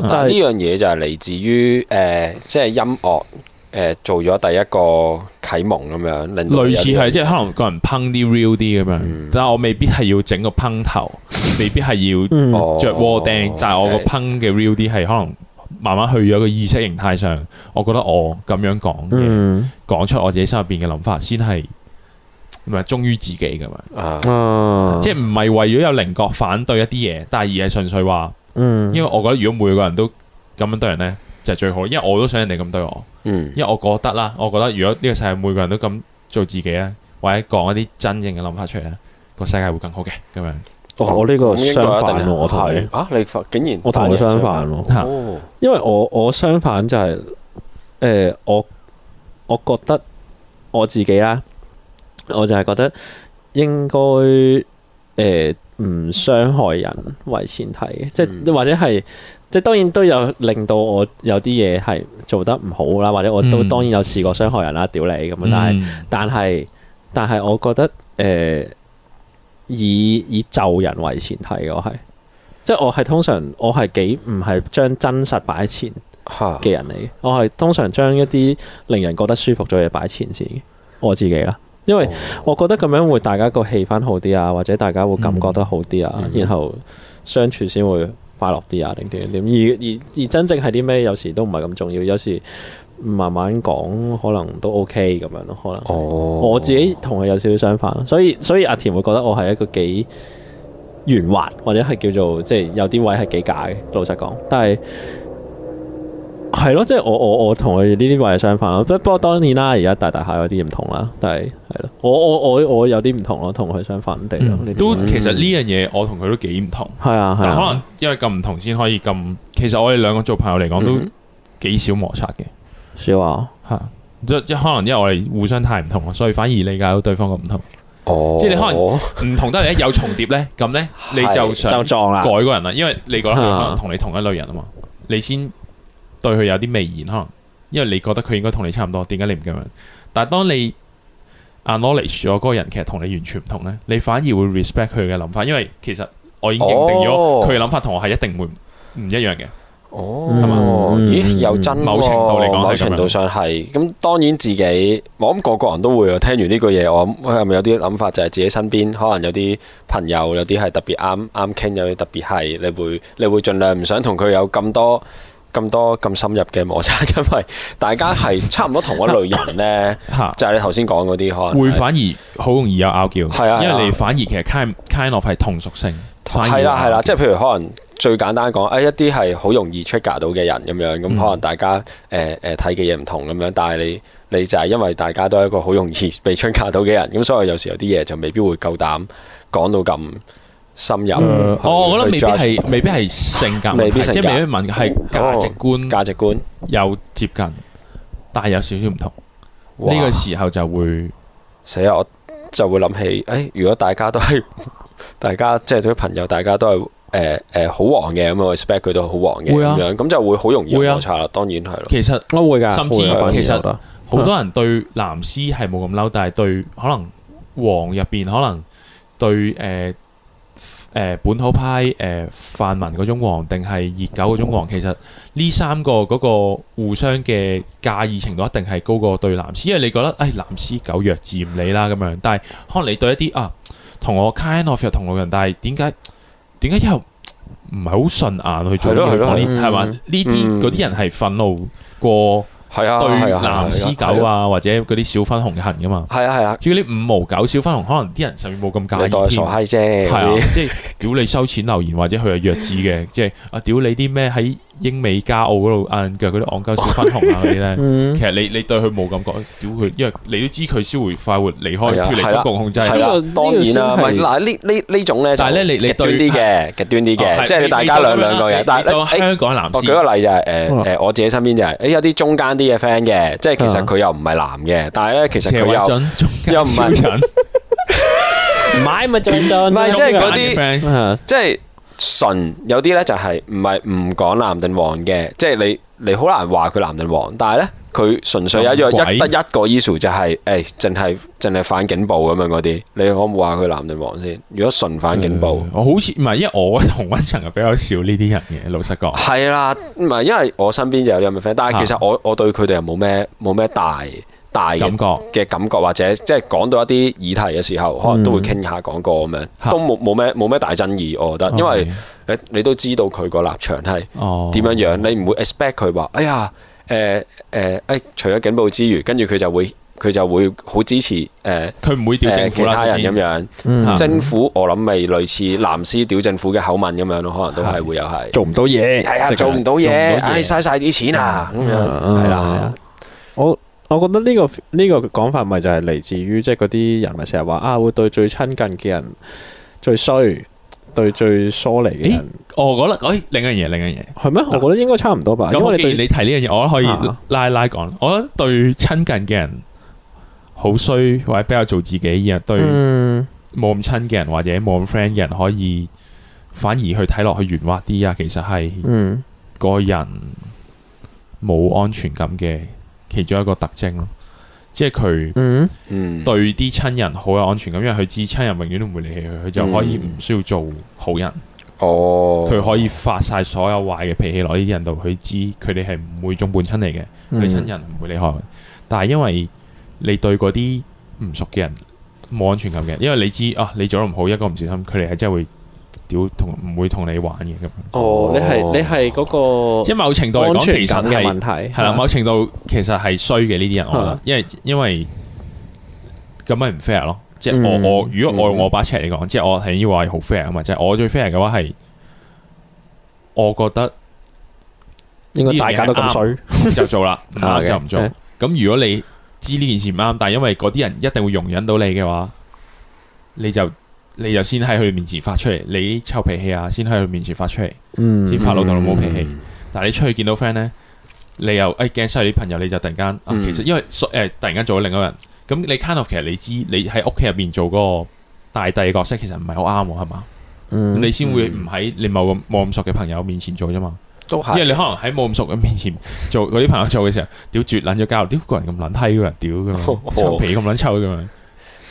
K，但係呢樣嘢就係嚟自於誒、呃，即係音樂誒、呃，做咗第一個啟蒙咁樣，令類似係即係可能個人烹啲 real 啲咁樣，嗯、但係我未必係要整個烹頭，未必係要着窩釘，但係我個烹嘅 real 啲係可能慢慢去咗個意識形態上，我覺得我咁樣講嘅，講、嗯、出我自己心入邊嘅諗法先係。唔係忠於自己嘅嘛？啊，即係唔係為咗有稜角反對一啲嘢，但係而係純粹話，嗯，因為我覺得如果每個人都咁樣對人咧，就係、是、最好。因為我都想人哋咁對我，嗯，因為我覺得啦，我覺得如果呢個世界每個人都咁做自己咧，或者講一啲真正嘅諗法出嚟咧，個世界會更好嘅咁樣。我呢、哦這個相反我，我同你啊，你竟然我同你相反咯？啊、因為我我相反就係、是、誒、呃，我我覺得我自己啦、啊。我就係覺得應該誒唔傷害人為前提嘅、嗯，即係或者係即係當然都有令到我有啲嘢係做得唔好啦，或者我都、嗯、當然有試過傷害人啦，屌你咁樣，但係、嗯、但係但係我覺得誒、呃、以以，以就人為前提我我，我係即係我係通常我係幾唔係將真實擺喺前嘅人嚟，我係通常將一啲令人覺得舒服嘅嘢擺喺前先，我自己啦。因為我覺得咁樣會大家個氣氛好啲啊，或者大家會感覺得好啲啊，然後相處先會快樂啲啊，定點點而而而真正係啲咩？有時都唔係咁重要，有時慢慢講可能都 OK 咁樣咯。可能，我自己同佢有少少相反咯。所以所以阿田會覺得我係一個幾圓滑，或者係叫做即係、就是、有啲位係幾假。老實講，但係係咯，即係、就是、我我我同佢呢啲位係相反咯。不不過當然啦、啊，而家大大下有啲唔同啦，但係。係咯，我我我我有啲唔同咯，同佢相反地咯。嗯、你都其實呢樣嘢，我同佢都幾唔同。係啊、嗯，係。可能因為咁唔同先可以咁。其實我哋兩個做朋友嚟講都幾少摩擦嘅。少啊、嗯。吓、嗯、即、嗯嗯、即可能因為我哋互相太唔同啦，所以反而理解到對方嘅唔同。哦。即你可能唔同得嚟一有重疊咧，咁咧 [laughs] 你就想改個人啦，因為你覺得佢可能同你同一類人啊嘛，嗯、你先對佢有啲微言，可能因為你覺得佢應該同你差唔多，點解你唔咁樣？但係當你。啊，acknowledge 咗嗰個人其實同你完全唔同呢，你反而會 respect 佢嘅諗法，因為其實我已經認定咗佢嘅諗法同我係一定會唔一樣嘅。哦，係嘛，咦，有真喎。某程度嚟講，某程度上係。咁當然自己，我諗個個人都會啊。聽完呢句嘢，我諗佢係咪有啲諗法？就係自己身邊可能有啲朋友，有啲係特別啱啱傾，有啲特別係你會你會盡量唔想同佢有咁多咁多咁深入嘅摩擦，因為大家係差唔多同一類人呢。 [laughs] 就係你頭先講嗰啲可能會反而好容易有拗撬，係啊，啊因為你反而其實 kind, kind of 係同屬性，係啦係啦，即係譬如可能最簡單講，誒、哎、一啲係好容易 trigger 到嘅人咁樣，咁可能大家誒誒睇嘅嘢唔同咁樣，但係你你就係因為大家都係一個好容易被 trigger 到嘅人，咁所以有時有啲嘢就未必會夠膽講到咁。深入，我我覺得未必係未必係性格，未必即係未必問係價值觀，價值觀有接近，但係有少少唔同。呢個時候就會，成日我就會諗起，誒，如果大家都係大家即係對朋友，大家都係誒誒好黃嘅咁，我 expect 佢都好黃嘅咁樣，咁就會好容易摩擦。當然係咯，其實我會㗎，甚至其實好多人對藍絲係冇咁嬲，但係對可能黃入邊可能對誒。誒、呃、本土派誒、呃、泛民嗰種黃，定係熱狗嗰種黃，其實呢三個嗰個互相嘅介意程度一定係高過對藍絲，因為你覺得誒、哎、藍絲狗弱佔你啦咁樣，但係可能你對一啲啊同我 kind of 同路人，但係點解點解又唔係好順眼去做呢啲係嘛？呢啲嗰啲人係憤怒過。係啊，對藍絲狗啊，或者嗰啲小粉紅嘅痕㗎嘛。係啊，係啊，至於啲五毛狗小粉紅，可能啲人上面冇咁介意添。你代傻啫，啊， [laughs] 即係屌你收錢留言或者佢係弱智嘅， [laughs] 即係啊屌你啲咩喺。英美加澳嗰度，嗯，佢嗰啲昂鳩小粉紅啊嗰啲咧，其實你你對佢冇感覺，屌佢，因為你都知佢先會快活離開脱離中國控制，係啦，當然啦。嗱，呢呢呢種咧就極端啲嘅，極端啲嘅，即係你大家兩兩個人，但係香港男，我舉個例就係誒誒，我自己身邊就係誒有啲中間啲嘅 friend 嘅，即係其實佢又唔係男嘅，但係咧其實佢又又唔係，唔係咪最憎，唔係即係嗰啲，即係。純有啲咧就係唔係唔講藍定黃嘅，即係你你好難話佢藍定黃，但係咧佢純粹有一樣鬼一得一個 issue 就係、是，誒淨係淨係反警暴咁樣嗰啲，你可唔可以話佢藍定黃先？如果純反警暴，嗯、我好似唔係，因為我同溫層係比較少呢啲人嘅，老實講。係啦，唔係因為我身邊就有啲咁嘅 friend，但係其實我、啊、我對佢哋又冇咩冇咩大。大感覺嘅感覺，或者即係講到一啲議題嘅時候，可能都會傾下講過咁樣，都冇冇咩冇咩大爭議，我覺得，因為你你都知道佢個立場係點樣樣，你唔會 expect 佢話，哎呀，誒誒誒，除咗警報之餘，跟住佢就會佢就會好支持誒，佢唔會屌政府啦，其他人咁樣，政府我諗未類似藍絲屌政府嘅口吻咁樣咯，可能都係會又係做唔到嘢，係啊，做唔到嘢，唉，嘥晒啲錢啊，咁樣係啦，我。我覺得呢、這個呢、這個講法咪就係嚟自於即係嗰啲人咪成日話啊，會對最親近嘅人最衰，對最疏離嘅人、欸。我覺得誒另一樣嘢，另一樣嘢係咩？我覺得應該差唔多吧。咁、啊、我哋對你你提呢樣嘢，我都可以拉拉講。啊、我覺得對親近嘅人好衰，或者比較做自己啊，對冇咁親嘅人或者冇咁 friend 嘅人，可以反而去睇落去圓滑啲啊。其實係、嗯、個人冇安全感嘅。其中一個特徵咯，即係佢對啲親人好有安全感，因為佢知親人永遠都唔會離棄佢，佢就可以唔需要做好人。哦、嗯，佢可以發晒所有壞嘅脾氣落呢啲人度，佢知佢哋係唔會眾叛親離嘅，佢、嗯、親人唔會離開佢。但係因為你對嗰啲唔熟嘅人冇安全感嘅，因為你知啊，你做得唔好，一個唔小心，佢哋係真係會。同唔會同你玩嘅咁。哦，你係你係嗰個即係某程度嚟講，其實係問題係啦。某程度其實係衰嘅呢啲人，我覺得因為因為咁咪唔 fair 咯。即係我我如果我用，就是，我把尺嚟講，即係我係要話好 fair 啊嘛。即係我最 fair 嘅話係，我覺得應該大家都咁衰就做啦，就唔做。咁如果你知呢件事唔啱，但係因為嗰啲人一定會容忍到你嘅話，你就。你又先喺佢面前發出嚟，你臭脾氣啊，先喺佢面前發出嚟，先發老豆老母脾氣。但你出去見到 friend 呢，你又哎驚曬你朋友，你就突然間其實因為誒突然間做咗另一個人，咁你 kind of 其實你知你喺屋企入面做嗰個大帝角色，其實唔係好啱喎，係嘛？嗯，你先會唔喺你某個冇咁熟嘅朋友面前做啫嘛？都係，因為你可能喺冇咁熟嘅面前做嗰啲朋友做嘅時候，屌絕撚咗膠，屌個人咁撚閪人屌咁樣，臭脾咁撚臭咁樣。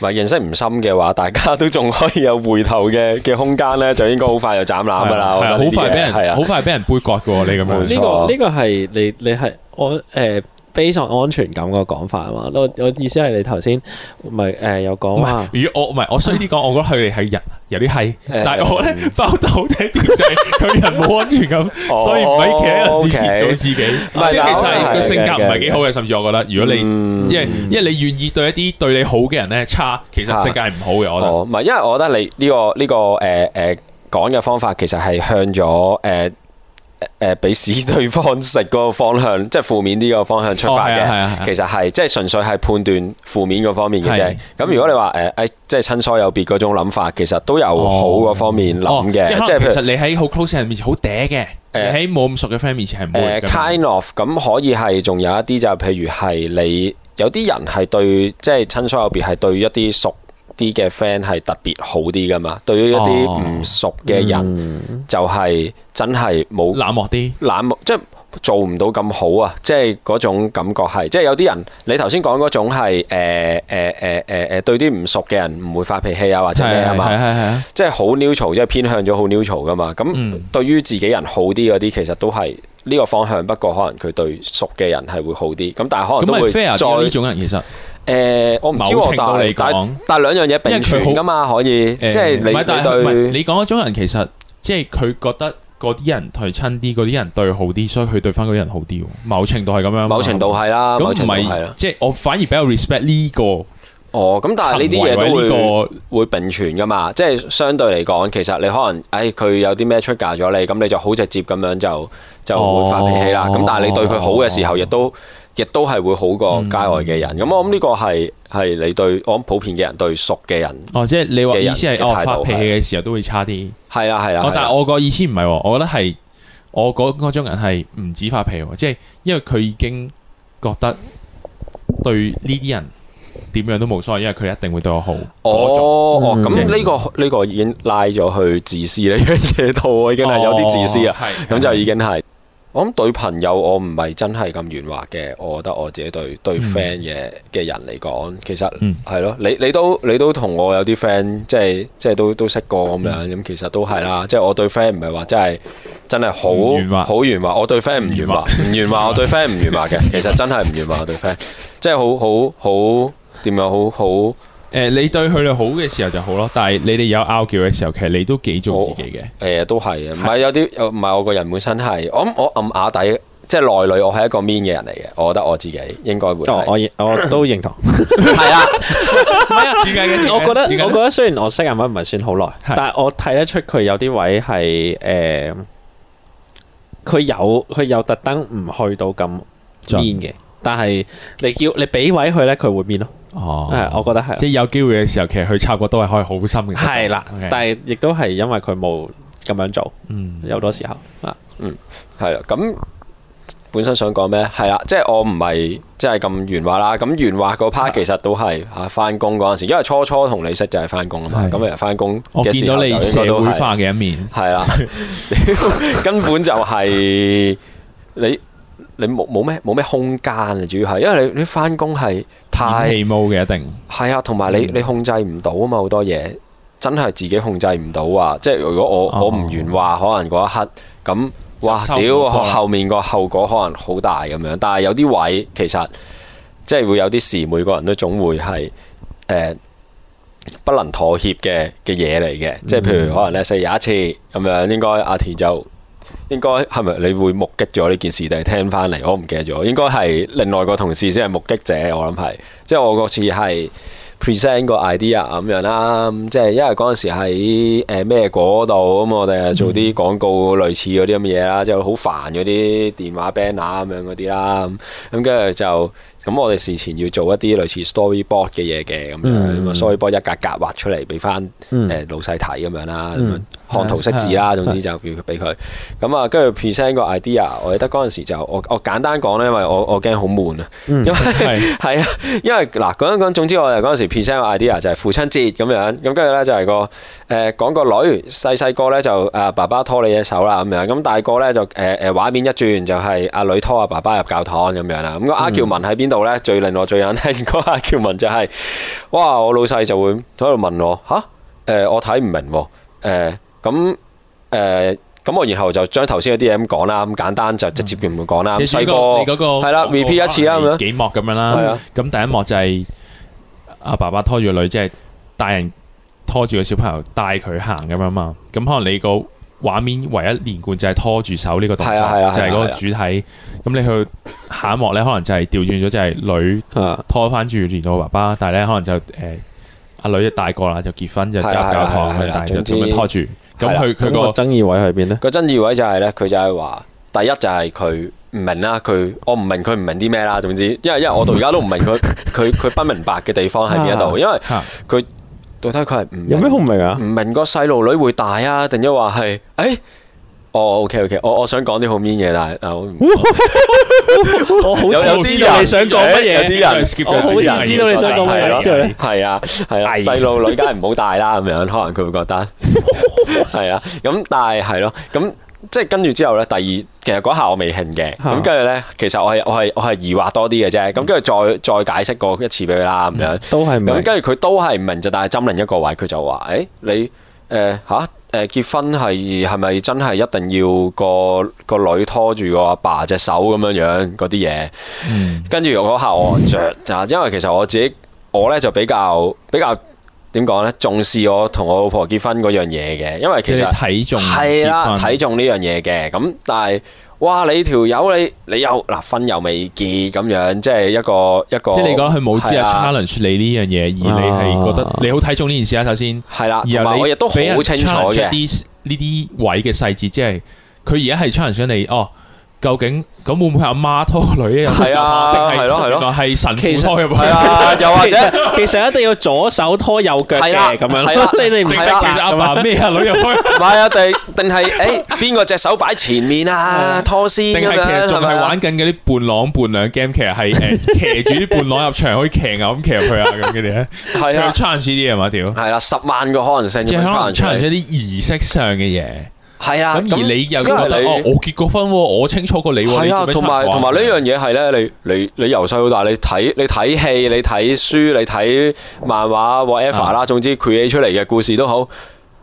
唔係認識唔深嘅話，大家都仲可以有回頭嘅嘅空間呢， [laughs] 就應該好快就斬攬㗎啦，好快俾人係啊，好、啊、快俾人、啊、人杯葛嘅喎，你咁樣呢個呢、呢個係你你係我誒。呃非常安全感個講法啊嘛，我我意思係你頭先唔係誒有講話，如果我唔係我衰啲講，我覺得佢哋係人有啲係，但係我咧包得好啲，就係佢人冇安全感，所以唔係企喺人面前做自己。唔係其實個性格唔係幾好嘅，甚至我覺得，如果你因為因為你願意對一啲對你好嘅人咧差，其實性格係唔好嘅。我覺得，唔係，因為我覺得你呢個呢個誒誒講嘅方法，其實係向咗誒。誒誒，俾屎、呃、對方食個方向，即係負面呢個方向出發嘅。哦啊啊啊、其實係即係純粹係判斷負面嗰方面嘅啫。咁是如果你話誒，誒、呃哎，即係親疏有別嗰種諗法，其實都有好嗰方面諗嘅。哦哦、即係其實你喺好 close 人面前好嗲嘅，呃、你喺冇咁熟嘅 friend 面前係冇嘅。誒，kind of 咁可以係，仲有一啲就譬如係你有啲人係對，即係親疏有別係對一啲熟。啲嘅 friend 係特別好啲噶嘛？對於一啲唔熟嘅人，就係真係冇冷漠啲、冷漠即係做唔到咁好啊！即係嗰種感覺係，即係有啲人你頭先講嗰種係誒誒誒誒誒對啲唔熟嘅人唔會發脾氣啊，或者咩啊嘛？係係係啊！即係好 neutral，即係偏向咗好 neutral 噶嘛？咁對於自己人好啲嗰啲，嗯、其實都係呢個方向。不過可能佢對熟嘅人係會好啲。咁但係可能都會再呢種人其實。誒，我唔知，某程度嚟講，但係兩樣嘢並存噶嘛，可以，即係你對，你講嗰種人其實，即係佢覺得嗰啲人對親啲，嗰啲人對好啲，所以佢對翻嗰啲人好啲。某程度係咁樣，某程度係啦，咁同埋即係我反而比較 respect 呢個哦。咁但係呢啲嘢都會會並存噶嘛，即係相對嚟講，其實你可能，哎，佢有啲咩出嫁咗你，咁你就好直接咁樣就就會發脾氣啦。咁但係你對佢好嘅時候，亦都。亦都係會好過街外嘅人，咁我諗呢個係係你對我諗普遍嘅人對熟嘅人哦，即係你話意思係哦發脾氣嘅時候都會差啲。係啊係啊，但係我個意思唔係，我覺得係我嗰嗰種人係唔止發脾氣，即係因為佢已經覺得對呢啲人點樣都冇所謂，因為佢一定會對我好。哦哦，咁呢個呢個已經拉咗去自私呢樣嘢度啊，已經係有啲自私啊，咁就已經係。我諗對朋友我唔係真係咁圓滑嘅，我覺得我自己對對 friend 嘅嘅人嚟講，嗯、其實係咯，你你都你都同我有啲 friend，即係即係都都識過咁樣，咁、嗯、其實都係啦。即係我對 friend 唔係話真係真係好圓滑、好圓滑。我對 friend 唔圓滑、唔圓滑。我對 friend 唔圓滑嘅，其實真係唔圓滑。我對 friend 即係好好好點樣好好。誒，你對佢哋好嘅時候就好咯，但係你哋有拗撬嘅時候，其實你都幾中意自己嘅。誒、哦呃，都係嘅，唔係有啲，唔係我個人本身係，我我暗啞底即係內裏，我係一個 mean 嘅人嚟嘅，我覺得我自己應該會。哦，我我都認同，係 [laughs] [laughs] 啊。 [laughs] [laughs] 啊我覺得我覺得雖然我識人位唔係算好耐，是但係我睇得出佢有啲位係誒，佢、呃、有佢有特登唔去到咁 mean 嘅，mean< 的>但係你叫你俾位佢咧，佢會 mean 咯。哦，係，我覺得係，即係有機會嘅時候，嗯、其實佢差唔多都係可以好深嘅。係啦了，Okay. 但係亦都係因為佢冇咁樣做，嗯，好多時候，啊，嗯，係啦。咁本身想講咩？係啦，即、就、係、是、我唔係即係咁圓滑啦。咁圓滑個 part 其實都係對啊，翻工嗰陣時，因為初初同你識就係翻工啊嘛。咁啊對，翻工，我見咗你社會化嘅一面，係啦， [laughs] [laughs] 根本就係、是、你你冇冇咩冇咩空間啊，主要係因為你你翻工係。係毛嘅一定，係啊的，同埋你、嗯、你控制唔到啊嘛，好多嘢真係自己控制唔到啊！即係如果我我唔願話，哦、可能嗰一刻咁，哇屌，後面個後果可能好大咁樣。但係有啲位其實即係會有啲事，每個人都總會係誒、呃、不能妥協嘅嘅嘢嚟嘅。嗯、即係譬如可能咧，四日一次咁樣，應該阿田就。應該係咪你會目擊咗呢件事定係聽翻嚟？我唔記得咗，應該係另外個同事先係目擊者，我諗係。即係我嗰次係 present 個 idea 咁樣啦，即係因為嗰陣時喺誒咩嗰度咁，我哋做啲廣告類似嗰啲咁嘅嘢啦，即係好煩嗰啲電話 banner 咁樣嗰啲啦。咁跟住就咁，我哋事前要做一啲類似 storyboard 嘅嘢嘅咁樣，storyboard 一格格畫出嚟俾翻誒老細睇咁樣啦。看圖識字啦，總之就叫佢俾佢咁啊，跟住 present 個 idea。我記得嗰陣時就我我簡單講咧，因為我我驚好悶啊。因為係啊，因為嗱講一講總之我哋嗰陣時 present 個 idea 就係父親節咁樣。咁跟住咧就係個誒講個女細細個咧就啊爸爸拖你隻手啦咁樣。咁大個咧就誒誒畫面一轉就係阿女拖阿爸爸入教堂咁樣啦。咁個阿喬文喺邊度咧？嗯、最令我最癮係個阿喬文就係、是、哇！我老細就會喺度問我吓，誒、啊呃、我睇唔明誒。呃。咁誒，咁我然後就將頭先嗰啲嘢咁講啦，咁簡單就直接咁樣講啦。你細個，你嗰個係啦，repeat 一次啦，咁樣幾幕咁樣啦。咁第一幕就係阿爸爸拖住個女，即係大人拖住個小朋友帶佢行咁樣嘛。咁可能你個畫面唯一連貫就係拖住手呢個動作，就係嗰個主體。咁你去下一幕咧，可能就係調轉咗，就係女拖翻住連個爸爸，但係咧可能就誒阿女一大個啦，就結婚就揸教堂，但係就點樣拖住？咁佢咁個爭議位喺邊呢？個爭議位就係咧，佢就係話，第一就係佢唔明啦，佢我唔明佢唔明啲咩啦，總之，因為因為我到而家都唔明佢佢佢不明白嘅 [laughs] 地方喺邊一度，因為佢到底佢係唔有咩好唔明啊？唔明個細路女會大啊？定抑或係誒？欸哦，OK，OK，我我想講啲好 mean 嘢，但係我好想知道你想講乜嘢，我好想知道你想講乜嘢，係咯、 [laughs] 欸，係啊，係細路女梗係唔好大啦，咁樣，可能佢會覺得係啊，咁但係，係咯，咁即係跟住之後咧，第二其實嗰下我未興嘅，咁跟住咧，其實我係我係我係疑惑多啲嘅啫，咁跟住再再解釋過一次俾佢啦，咁樣都係，咁跟住佢都係唔明，就但係針另一個位，佢就話誒，你誒吓。啊啊啊啊啊誒，結婚係係咪真係一定要個個女拖住個阿爸隻手咁樣樣嗰啲嘢？嗯，跟住嗰下我着，因為其實我自己我呢就比較比較點講咧，重視我同我老婆結婚嗰樣嘢嘅，因為其實睇重係啦，睇重呢樣嘢嘅，咁但係。哇！你條友你你又嗱婚又未結咁樣，即係一個一個。一個即係你講佢冇知 challenge 你呢樣嘢，啊啊、而你係覺得你好睇重呢件事啊，首先。係啦、啊。而你俾人 challenge 啲呢啲位嘅細節，即係佢而家係 challenge 你哦。究竟咁會唔會係阿媽拖女入去？係啊，係咯，係咯，係神父拖入去啊！又或者，其實一定要左手拖右腳嘅咁樣。係啦，你哋唔係啊嘛？咩啊，女入去？唔係啊，定定係誒，邊個隻手擺前面啊，拖先？定係其實仲係玩緊嗰啲伴郎伴娘 game？其實係誒，騎住啲伴郎入場，可以騎牛咁騎入去啊！咁佢哋咧，係啊，challenge 少啲係嘛條？係啦，十萬個可能性。即係可能 challenge 出啲儀式上嘅嘢。係啊，而你又因為你、啊、我結過婚喎、啊，我清楚過你喎。係啊，同埋同埋呢樣嘢係咧，你你你由細到大，你睇你睇戲，你睇書，你睇漫畫或 h a t e 啦，whatever, 啊、總之 create 出嚟嘅故事都好。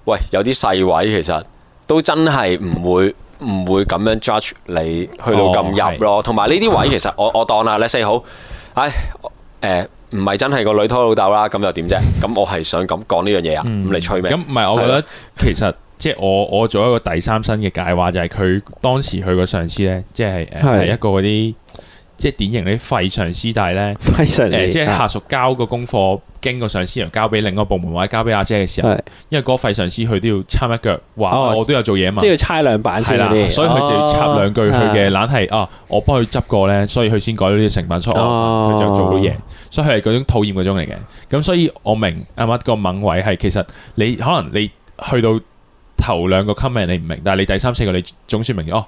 喂，有啲細位其實都真係唔會唔會咁樣 judge 你去到咁入咯。同埋呢啲位其實我我當啦，你四好，唉誒，唔係真係個女拖老豆啦，咁又點啫？咁我係想咁講呢樣嘢啊，咁你吹咩？咁唔係我覺得其實。即係我我做一個第三身嘅解話就係佢當時佢個上司咧，即係誒係一個嗰啲即係典型啲廢上司，但係咧廢上即係下屬交個功課經過上司又交俾另一個部門或者交俾阿姐嘅時候，因為嗰個廢上司佢都要插一腳，話我都有做嘢嘛，即係要插兩板先啲，所以佢就要插兩句佢嘅，懶係啊，我幫佢執過咧，所以佢先改咗啲成品出，佢就做好嘢，所以佢係嗰種討厭嗰種嚟嘅。咁所以我明啱啱個猛位係其實你可能你去到。頭兩個 comment 你唔明，但係你第三四個你總算明咗，哦、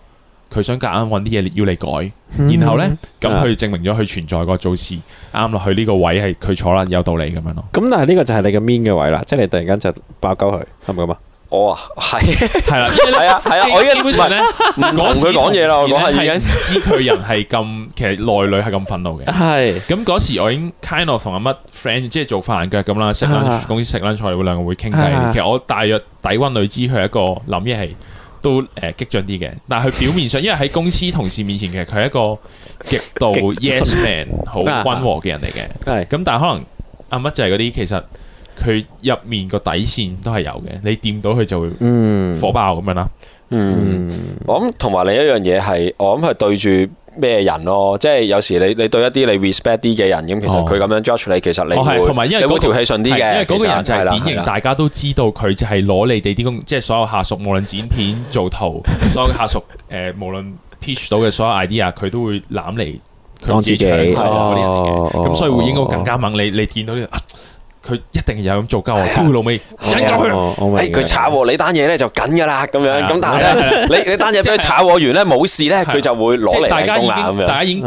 佢想夾硬搵啲嘢，要你改。嗯嗯嗯，然後咧咁佢證明咗佢存在個做事啱落去呢個位係佢坐啦，有道理咁樣咯。咁、嗯嗯嗯、但係呢個就係你個 mean 嘅位啦，即係你突然間就爆鳩佢，係咪咁啊？ [laughs] [laughs] 我啊，係係啦，係啊，係啊，我依家基本上咧，唔同佢講嘢咯。我係知佢人係咁，其實內裏係咁憤怒嘅。係咁嗰時，我已經 kind of 同阿乜 friend，即係做飯腳咁啦，食翻公司食翻菜，我兩個會傾偈。其實我大約底蘊裏知佢係一個諗嘢係都誒激進啲嘅。但係佢表面上，因為喺公司同事面前嘅，佢係一個極度 yes man，好溫和嘅人嚟嘅。係咁，但係可能阿乜就係嗰啲其實。佢入面個底線都係有嘅，你掂到佢就會火爆咁樣啦。嗯，我諗同埋另一樣嘢係，我諗係對住咩人咯？即係有時你你對一啲你 respect 啲嘅人咁，其實佢咁樣 judge 你，其實你會你會條氣順啲嘅。因為嗰個人就係典型，大家都知道佢就係攞你哋啲功，即係所有下屬，無論剪片、做圖，所有下屬誒，無論 pitch 到嘅所有 idea，佢都會攬嚟當自己。哦，咁所以會應該更加猛。你你見到呢個？佢一定有咁做鳩，天老味，佢炒和你單嘢咧就緊噶啦，咁樣咁但咧，你你單嘢將佢炒和完咧冇事咧，佢就會攞嚟。大家已經，大家已經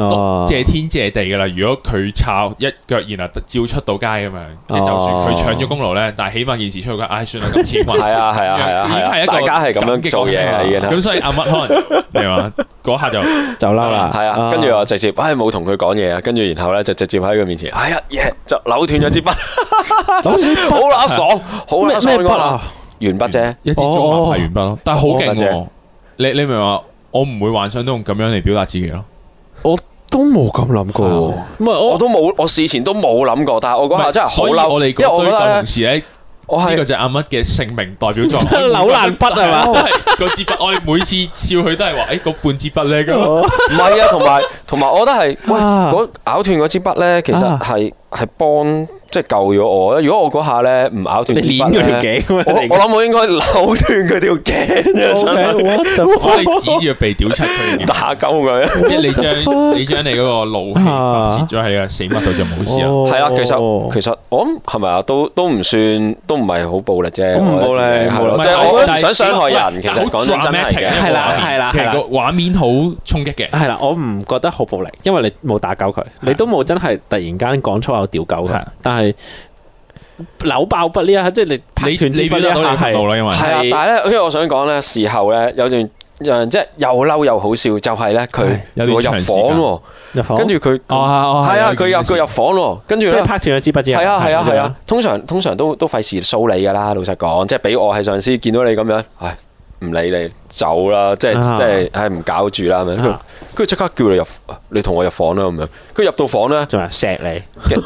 借天借地噶啦。如果佢炒一腳然後照出到街咁樣，即就算佢搶咗功勞咧，但係起碼件事出去街，唉算啦，咁黐埋。係啊係啊係啊係啊，係大家係咁樣做嘢嘅，已經。咁所以阿麥可能明嘛？嗰下就就嬲啦，係啊。跟住我直接唉冇同佢講嘢啊，跟住然後咧就直接喺佢面前，哎呀就扭斷咗支筆。好啦，爽，好啦，爽嘅鉛筆啫，一支中筆係鉛筆咯，但係好勁嘅，你你明嘛？我唔會幻想用咁樣嚟表達自己咯，我都冇咁諗過，唔係我都冇，我事前都冇諗過，但係我嗰下真係好嬲，因為我覺得咧，呢個就阿乜嘅成名代表作，扭爛筆係嘛？係嗰支筆，我哋每次笑佢都係話，誒，嗰半支筆咧咁，唔係啊，同埋同埋，我覺得係喂，嗰咬斷嗰支筆咧，其實係係幫。即係救咗我。如果我嗰下咧唔咬斷，你捻佢條頸，我諗我應該扭斷佢條頸。打鳩佢，即係你將你將你嗰個怒氣發洩咗，係啊，死乜度就冇事啊。係啊，其實其實我諗係咪啊？都都唔算，都唔係好暴力啫。唔暴力，即係我唔想傷害人。其實講真係嘅，係啦係啦。其實畫面好衝擊嘅。係啦，我唔覺得好暴力，因為你冇打鳩佢，你都冇真係突然間講粗口屌鳩嘅。但係。扭爆筆呢一下，即係你你斷支筆呢一下係，係啊，但係咧，因為我想講咧，事後咧有段樣即係又嬲又好笑，就係咧佢我入房，入房跟住佢，係啊，佢入佢入房咯，跟住即係拍斷咗支筆之後，係啊係啊係啊，通常通常都都費事疏你噶啦，老實講，即係俾我係上司見到你咁樣，唉唔理你走啦，即係即係唉唔搞住啦咁樣。跟住即刻叫你入，你同我入房啦咁樣。跟住入到房咧，仲係錫你？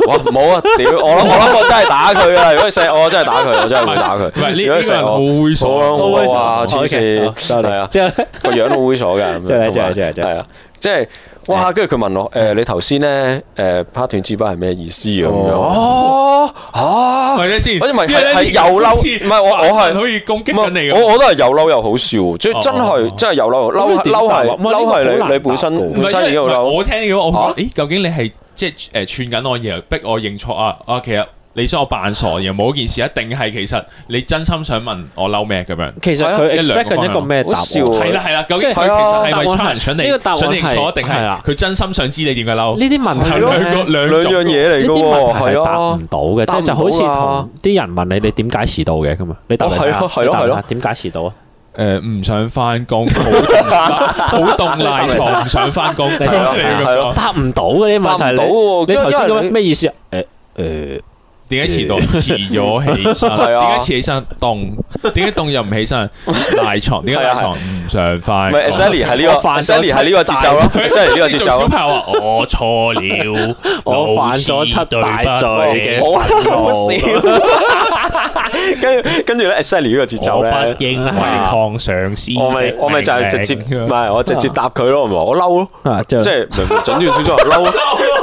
哇，冇啊！屌，我諗我諗我真係打佢啊！如果你錫我，真係打佢，我真係會打佢。如果你錫我，好猥瑣啊！黐線，係啊，個樣好猥瑣嘅。真係真係真係真係係啊，即係。哇！跟住佢問我：誒，你頭先咧，誒拍斷支筆係咩意思啊？咁樣哦，嚇，係咧先，或者唔係，係又嬲，唔係，我我係可以攻擊緊你嘅。我我都係又嬲又好笑，最真係真係又嬲嬲，係嬲係，你你本身唔犀利喎。我聽嘅我，誒究竟你係即係誒串緊我而嚟逼我認錯啊啊！其實，你想我扮傻，又冇件事一定係其實你真心想問我嬲咩咁樣？其實佢逼緊一個咩答案？係啦係啦，即係佢其實係咪猜人搶你？認錯定係啊？佢真心想知你點解嬲？呢啲問題兩個兩樣嘢嚟㗎喎，係咯答唔到嘅，即係就好似同啲人問你你點解遲到嘅咁啊？你答你答你答點解遲到啊？誒唔想翻工，好凍，好凍賴牀，唔想翻工。係咯，答唔到嘅呢啲問題，你你頭先咩意思啊？誒誒。點解遲到？遲咗起身，點解遲起身？凍，點解凍又唔起身？賴牀，點解賴牀唔上返？唔係，Sally 係呢個犯，Sally 係呢個節奏咯，Sally 呢個節奏咯。你做小朋友，我錯了，我犯咗七大罪嘅，我錯。跟跟住咧，Sally 呢個節奏咧，我不應抗上司。我咪我咪就係直接，唔係我直接答佢咯，我嬲咯，即係整完退出嚟嬲，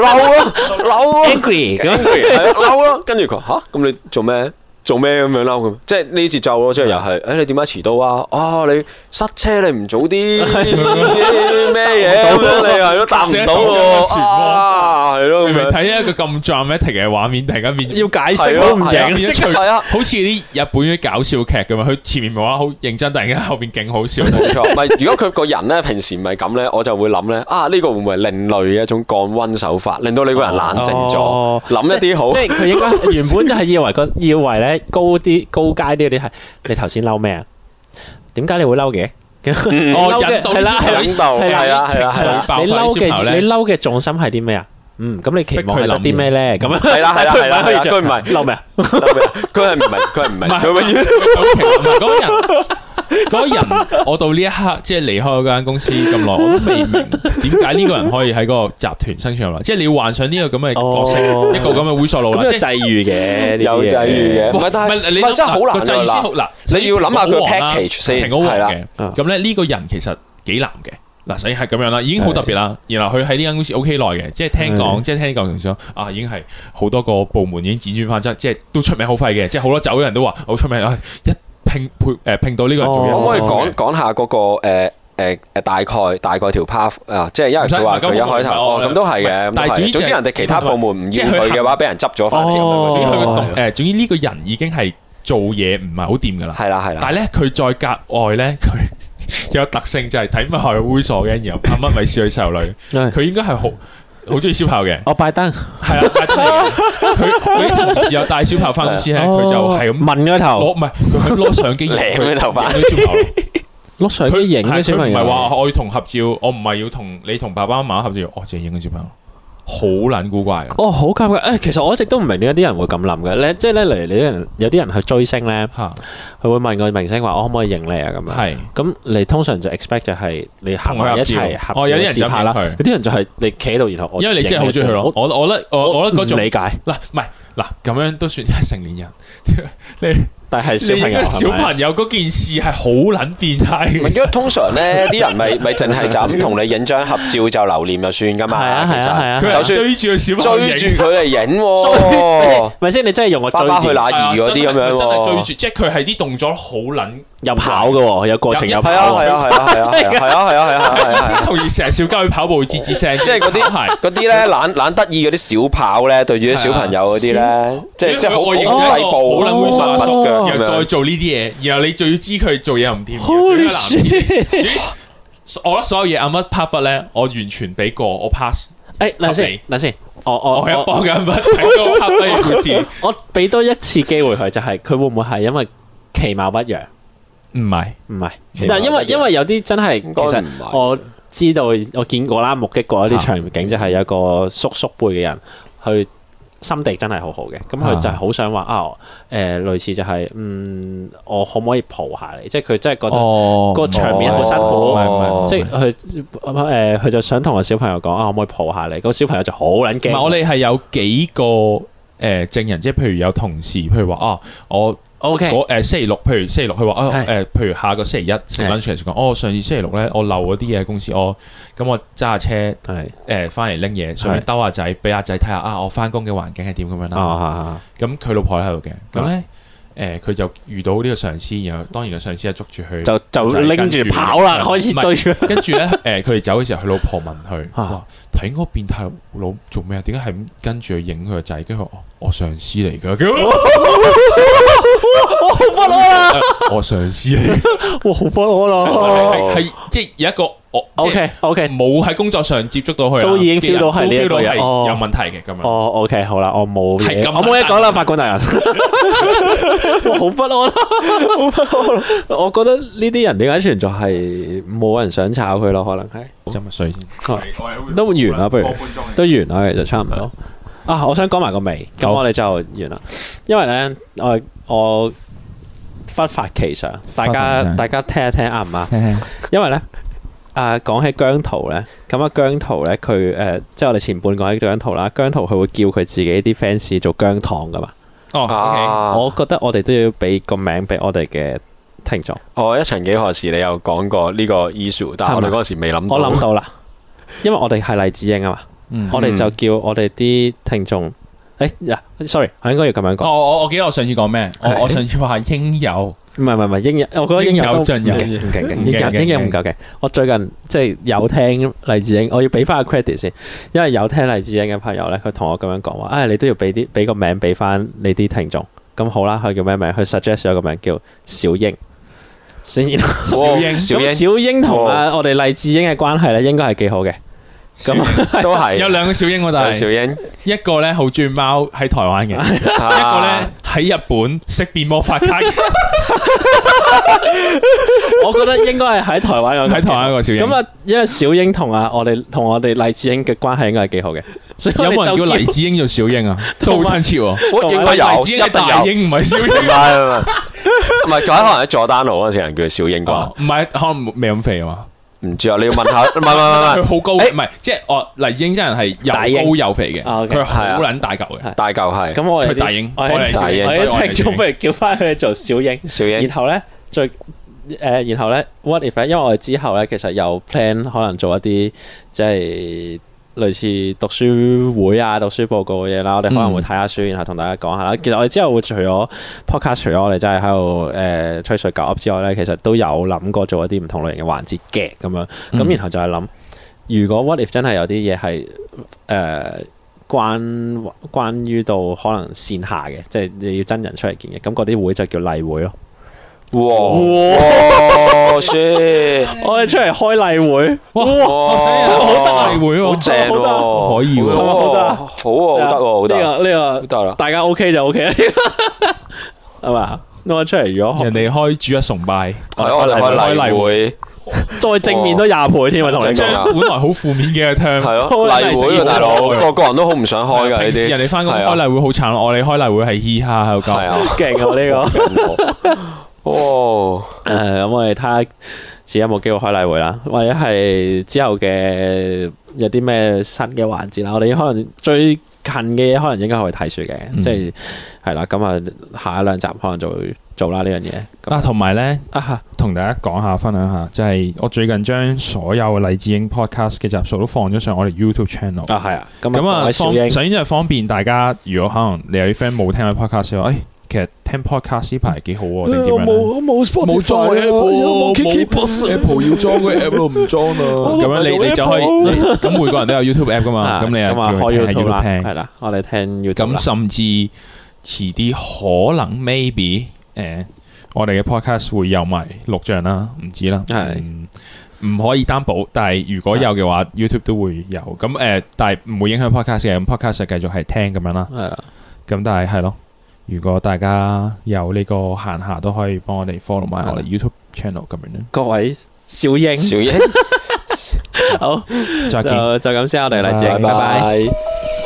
嬲咯，嬲 a 嬲咯。跟住佢話吓，咁你做咩？做咩咁樣啦？咁即係呢節奏咯，即係又係誒你點解遲到啊？啊你塞車你唔早啲咩嘢？你係咯，答唔到喎啊！係咯，你咪睇一個咁 dramatic 嘅畫面，突然間變要解釋好唔型，即係啊，好似啲日本啲搞笑劇咁啊！佢前面話好認真，突然間後面勁好笑，冇錯。唔係如果佢個人咧平時唔係咁咧，我就會諗咧啊呢個會唔會係另類嘅一種降溫手法，令到你個人冷靜咗，諗一啲好即係佢應該原本就係以為個以為咧。高啲高階啲，你係你頭先嬲咩啊？點解你會嬲嘅？我引導你衝動，係啦係啦係啦！你嬲嘅你嬲嘅重心係啲咩啊？嗯，咁你期望佢諗啲咩咧？咁啊係啦係啦係啦！佢唔係嬲咩？佢係唔係佢係唔係？唔係佢乜嘢？唔係嗰人。嗰個人，我到呢一刻即係離開嗰間公司咁耐，我都未明點解呢個人可以喺嗰個集團生存落嚟。即係你要幻想呢個咁嘅角色，一個咁嘅猥瑣佬啦，即係際遇嘅，有際遇嘅。唔係，你係唔係真係好難。嗱嗱，你要諗下佢 package 先，係啦。咁咧呢個人其實幾難嘅。嗱，所以係咁樣啦，已經好特別啦。然後佢喺呢間公司 OK 耐嘅，即係聽講，即係聽呢個同事講啊，已經係好多個部門已經輾轉翻側，即係都出名好廢嘅。即係好多走嘅人都話好出名啊！一拼配，誒拼到呢個，可唔可以講講下嗰個誒誒誒，大概大概條 path 啊？即係因為佢話佢一開頭哦，咁都係嘅。但係總之人哋其他部門唔要佢嘅話，俾人執咗翻條。誒，總之呢個人已經係做嘢唔係好掂㗎喇。係啦係啦。但係呢佢在格外呢，佢有特性就係睇乜係猥瑣嘅，然後怕乜咪少女受女。佢應該係好。好中意小朋友嘅，我、哦、拜登，係啊拜登，佢佢同時又帶小朋友返公司咧，佢、哦、就係咁問個頭，攞唔係，佢攞相機影個頭髮，攞相機影個小朋友，唔係話我要同合照，我唔係要同你同爸爸媽媽合照，哦，淨係影個小朋友。好撚古怪哦，好奇怪，誒、哎，其實我一直都唔明點解啲人會咁諗嘅，咧，即係咧，例如你啲人有啲人去追星咧，吓，佢會問個明星話，我可唔可以認你啊？咁是樣，係，咁你通常就 expect 就係你行埋一齊，照哦，有啲人有拍啦，有啲人就係你企喺度，然後我因為你真係好中意佢咯，我我我我唔理解，嗱，唔係，嗱，咁樣都算係成年人， [laughs] 你。但係小朋友，小朋友嗰件事係好撚變態，因為通常咧，啲人咪咪淨係就咁同你影張合照就留念就算噶嘛。係啊係啊係啊，就算追住佢，小朋友追住佢嚟影，咪先你真係用個追住那兒嗰啲咁樣喎，追住即係佢係啲動作好撚。有跑嘅，有過程有跑，係啊係啊係啊係啊，係啊係啊係啊係啊，同而成日笑交去跑步，會吱吱聲。即係嗰啲，嗰啲咧懶懶得意嗰啲小跑咧，對住啲小朋友嗰啲咧，即係即係好細步，好捻猥瑣，又再做呢啲嘢，然後你就要知佢做嘢唔掂。我覺得所有嘢阿乜拍筆咧，我完全俾過，我 pass。誒，嚟先嚟先，我我我有幫緊筆，聽到拍筆嘅故事，我俾多一次機會佢，就係佢會唔會係因為其貌不揚？唔係唔係，但係因為因為有啲真係，其實我知道我見過啦，目擊過一啲場景，就係有個叔叔輩嘅人佢心地真係好好嘅，咁佢就係好想話啊，誒類似就係嗯，我可唔可以抱下你？即係佢真係覺得個場面好辛苦，即係佢誒佢就想同個小朋友講啊，可唔可以抱下你？個小朋友就好撚驚。唔係，我哋係有幾個誒證人，即係譬如有同事，譬如話啊，我。O K，嗰星期六，譬如星期六，佢話啊誒，譬如下個星期一，成班同事講，是是哦，上次星期六咧，我漏嗰啲嘢公司，哦嗯嗯嗯、我咁我揸車誒翻嚟拎嘢，上去兜下仔，俾阿仔睇下啊，我翻工嘅環境係點咁樣啦。咁佢、啊嗯、老婆喺度嘅，咁、嗯、咧。嗯誒，佢就遇到呢個上司，然後當然個上司就捉住佢，就就拎住跑啦，開始追。跟住咧，誒，佢哋走嘅時候，佢老婆問佢：睇嗰個變態佬做咩啊？點解係咁跟住去影佢個仔？跟住我，我上司嚟噶，我好歡樂啊！我上司嚟，哇，好歡樂啊！係，係，即係有一個。我 OK OK，冇喺工作上接觸到佢，都已經 feel 到係呢個人哦，有問題嘅咁樣。OK 好啦，我冇，我冇嘢講啦，法官大人，好不安。我覺得呢啲人點解存在係冇人想炒佢咯？可能係浸乜水先，都完啦，不如都完啦，其實差唔多啊！我想講埋個尾，咁我哋就完啦。因為咧，我我忽發奇想，大家大家聽一聽啱唔啱？因為咧。啊，講起姜濤咧，咁啊姜濤咧，佢誒、呃，即係我哋前半講緊姜濤啦。姜濤佢會叫佢自己啲 fans 做姜糖噶嘛。哦，oh, okay. 啊，我覺得我哋都要俾個名俾我哋嘅聽眾。哦，一曾幾何時你有講過呢個 issue？但係我哋嗰陣時未諗到。我諗到啦，因為我哋係荔枝鷹啊嘛。 [laughs] 我哋就叫我哋啲聽眾，誒、哎、呀、啊、，sorry，我應該要咁樣講。我我我記得我，我上次講咩？我我上次話應有。 [laughs] 唔係唔係唔係英日，我覺得英日都唔勁，英有有英英唔夠勁。我最近即係、就是、有聽黎智英，我要俾翻個 credit 先，因為有聽黎智英嘅朋友咧，佢同我咁樣講話，唉、哎，你都要俾啲俾個名俾翻你啲聽眾。咁好啦，佢叫咩名？佢 suggest 咗個名叫小英，小英。小英 [laughs] 小英同啊我哋黎智英嘅關係咧，應該係幾好嘅。哦咁都係有兩個小英，我哋小英一個咧好中意貓喺台灣嘅，一個咧喺日本識變魔法卡。我覺得應該係喺台灣有喺台灣一個小英。咁啊，因為小英同阿我哋同我哋黎智英嘅關係應該係幾好嘅。有冇人叫黎智英做小英啊？都好親切。我認為有黎智英大英唔係小英啊，唔係，可能喺佐丹奴嗰時人叫小英啩？唔係，可能未咁肥啊嘛？唔知啊，你要問下，問問問問，佢好高，唔係即係哦。黎英真人係又高又肥嘅，佢好撚大嚿嘅，大嚿係。咁我大英，我我一聽咗，不如叫翻佢做小英。小英，然後咧，最誒，然後咧 what if？因為我哋之後咧，其實有 plan，可能做一啲即係。類似讀書會啊、讀書報告嘅嘢啦，我哋可能會睇下書，然後同大家講下啦。嗯、其實我哋之後會除咗 podcast，除咗我哋真係喺度誒吹水搞 up 之外咧，其實都有諗過做一啲唔同類型嘅環節嘅咁樣。咁、嗯、然後就係諗，如果 what if 真係有啲嘢係誒關關於到可能線下嘅，即係你要真人出嚟見嘅，咁嗰啲會就叫例會咯。哇！哇！先，我哋出嚟開例會，哇！好例會喎，好正，可以，好得，好得，呢個呢個得啦，大家 OK 就 OK 啦，係嘛？我出嚟如果人哋開主日崇拜，我哋開例例會，再正面都廿倍添，我同你講本來好負面嘅聽，係咯？例會大佬，個個人都好唔想開嘅，人哋翻工開例會好慘，我哋開例會係嘻哈喺度教，勁啊呢個。哦，誒、wow, uh, no mm，咁我哋睇下，而家有冇機會開例會啦？或者係之後嘅有啲咩新嘅環節啦？我哋可能最近嘅嘢，可能應該去睇書嘅，即係係啦。咁啊，下一兩集可能就會做啦呢樣嘢。啊，同埋咧，啊同大家講下分享下。就係我最近將所有嘅荔枝鷹 podcast 嘅集數都放咗上我哋 YouTube channel。啊，係啊，咁啊，首先就係方便大家，如果可能你有啲 friend 冇聽過 podcast 嘅話，誒。其實聽 podcast 呢排幾好啊，定點樣咧？冇冇裝啊！Apple 要裝嘅 Apple 唔裝啊！咁樣你你就可以，咁，每個人都有 YouTube app 噶嘛？咁你又可以啊，要聽係啦，我哋聽 YouTube。咁甚至遲啲可能 maybe 誒，我哋嘅 podcast 會有埋錄像啦，唔知啦，唔唔可以擔保。但係如果有嘅話，YouTube 都會有。咁誒，但係唔會影響 podcast 嘅，podcast 繼續係聽咁樣啦。係啦，咁但係係咯。如果大家有呢個閒暇，都可以幫我哋 follow 埋我哋 YouTube channel 咁、嗯、樣，各位小鷹，小鷹， [laughs] [laughs] 好，再見就再見就咁先，我哋嚟接，拜拜。拜拜拜拜。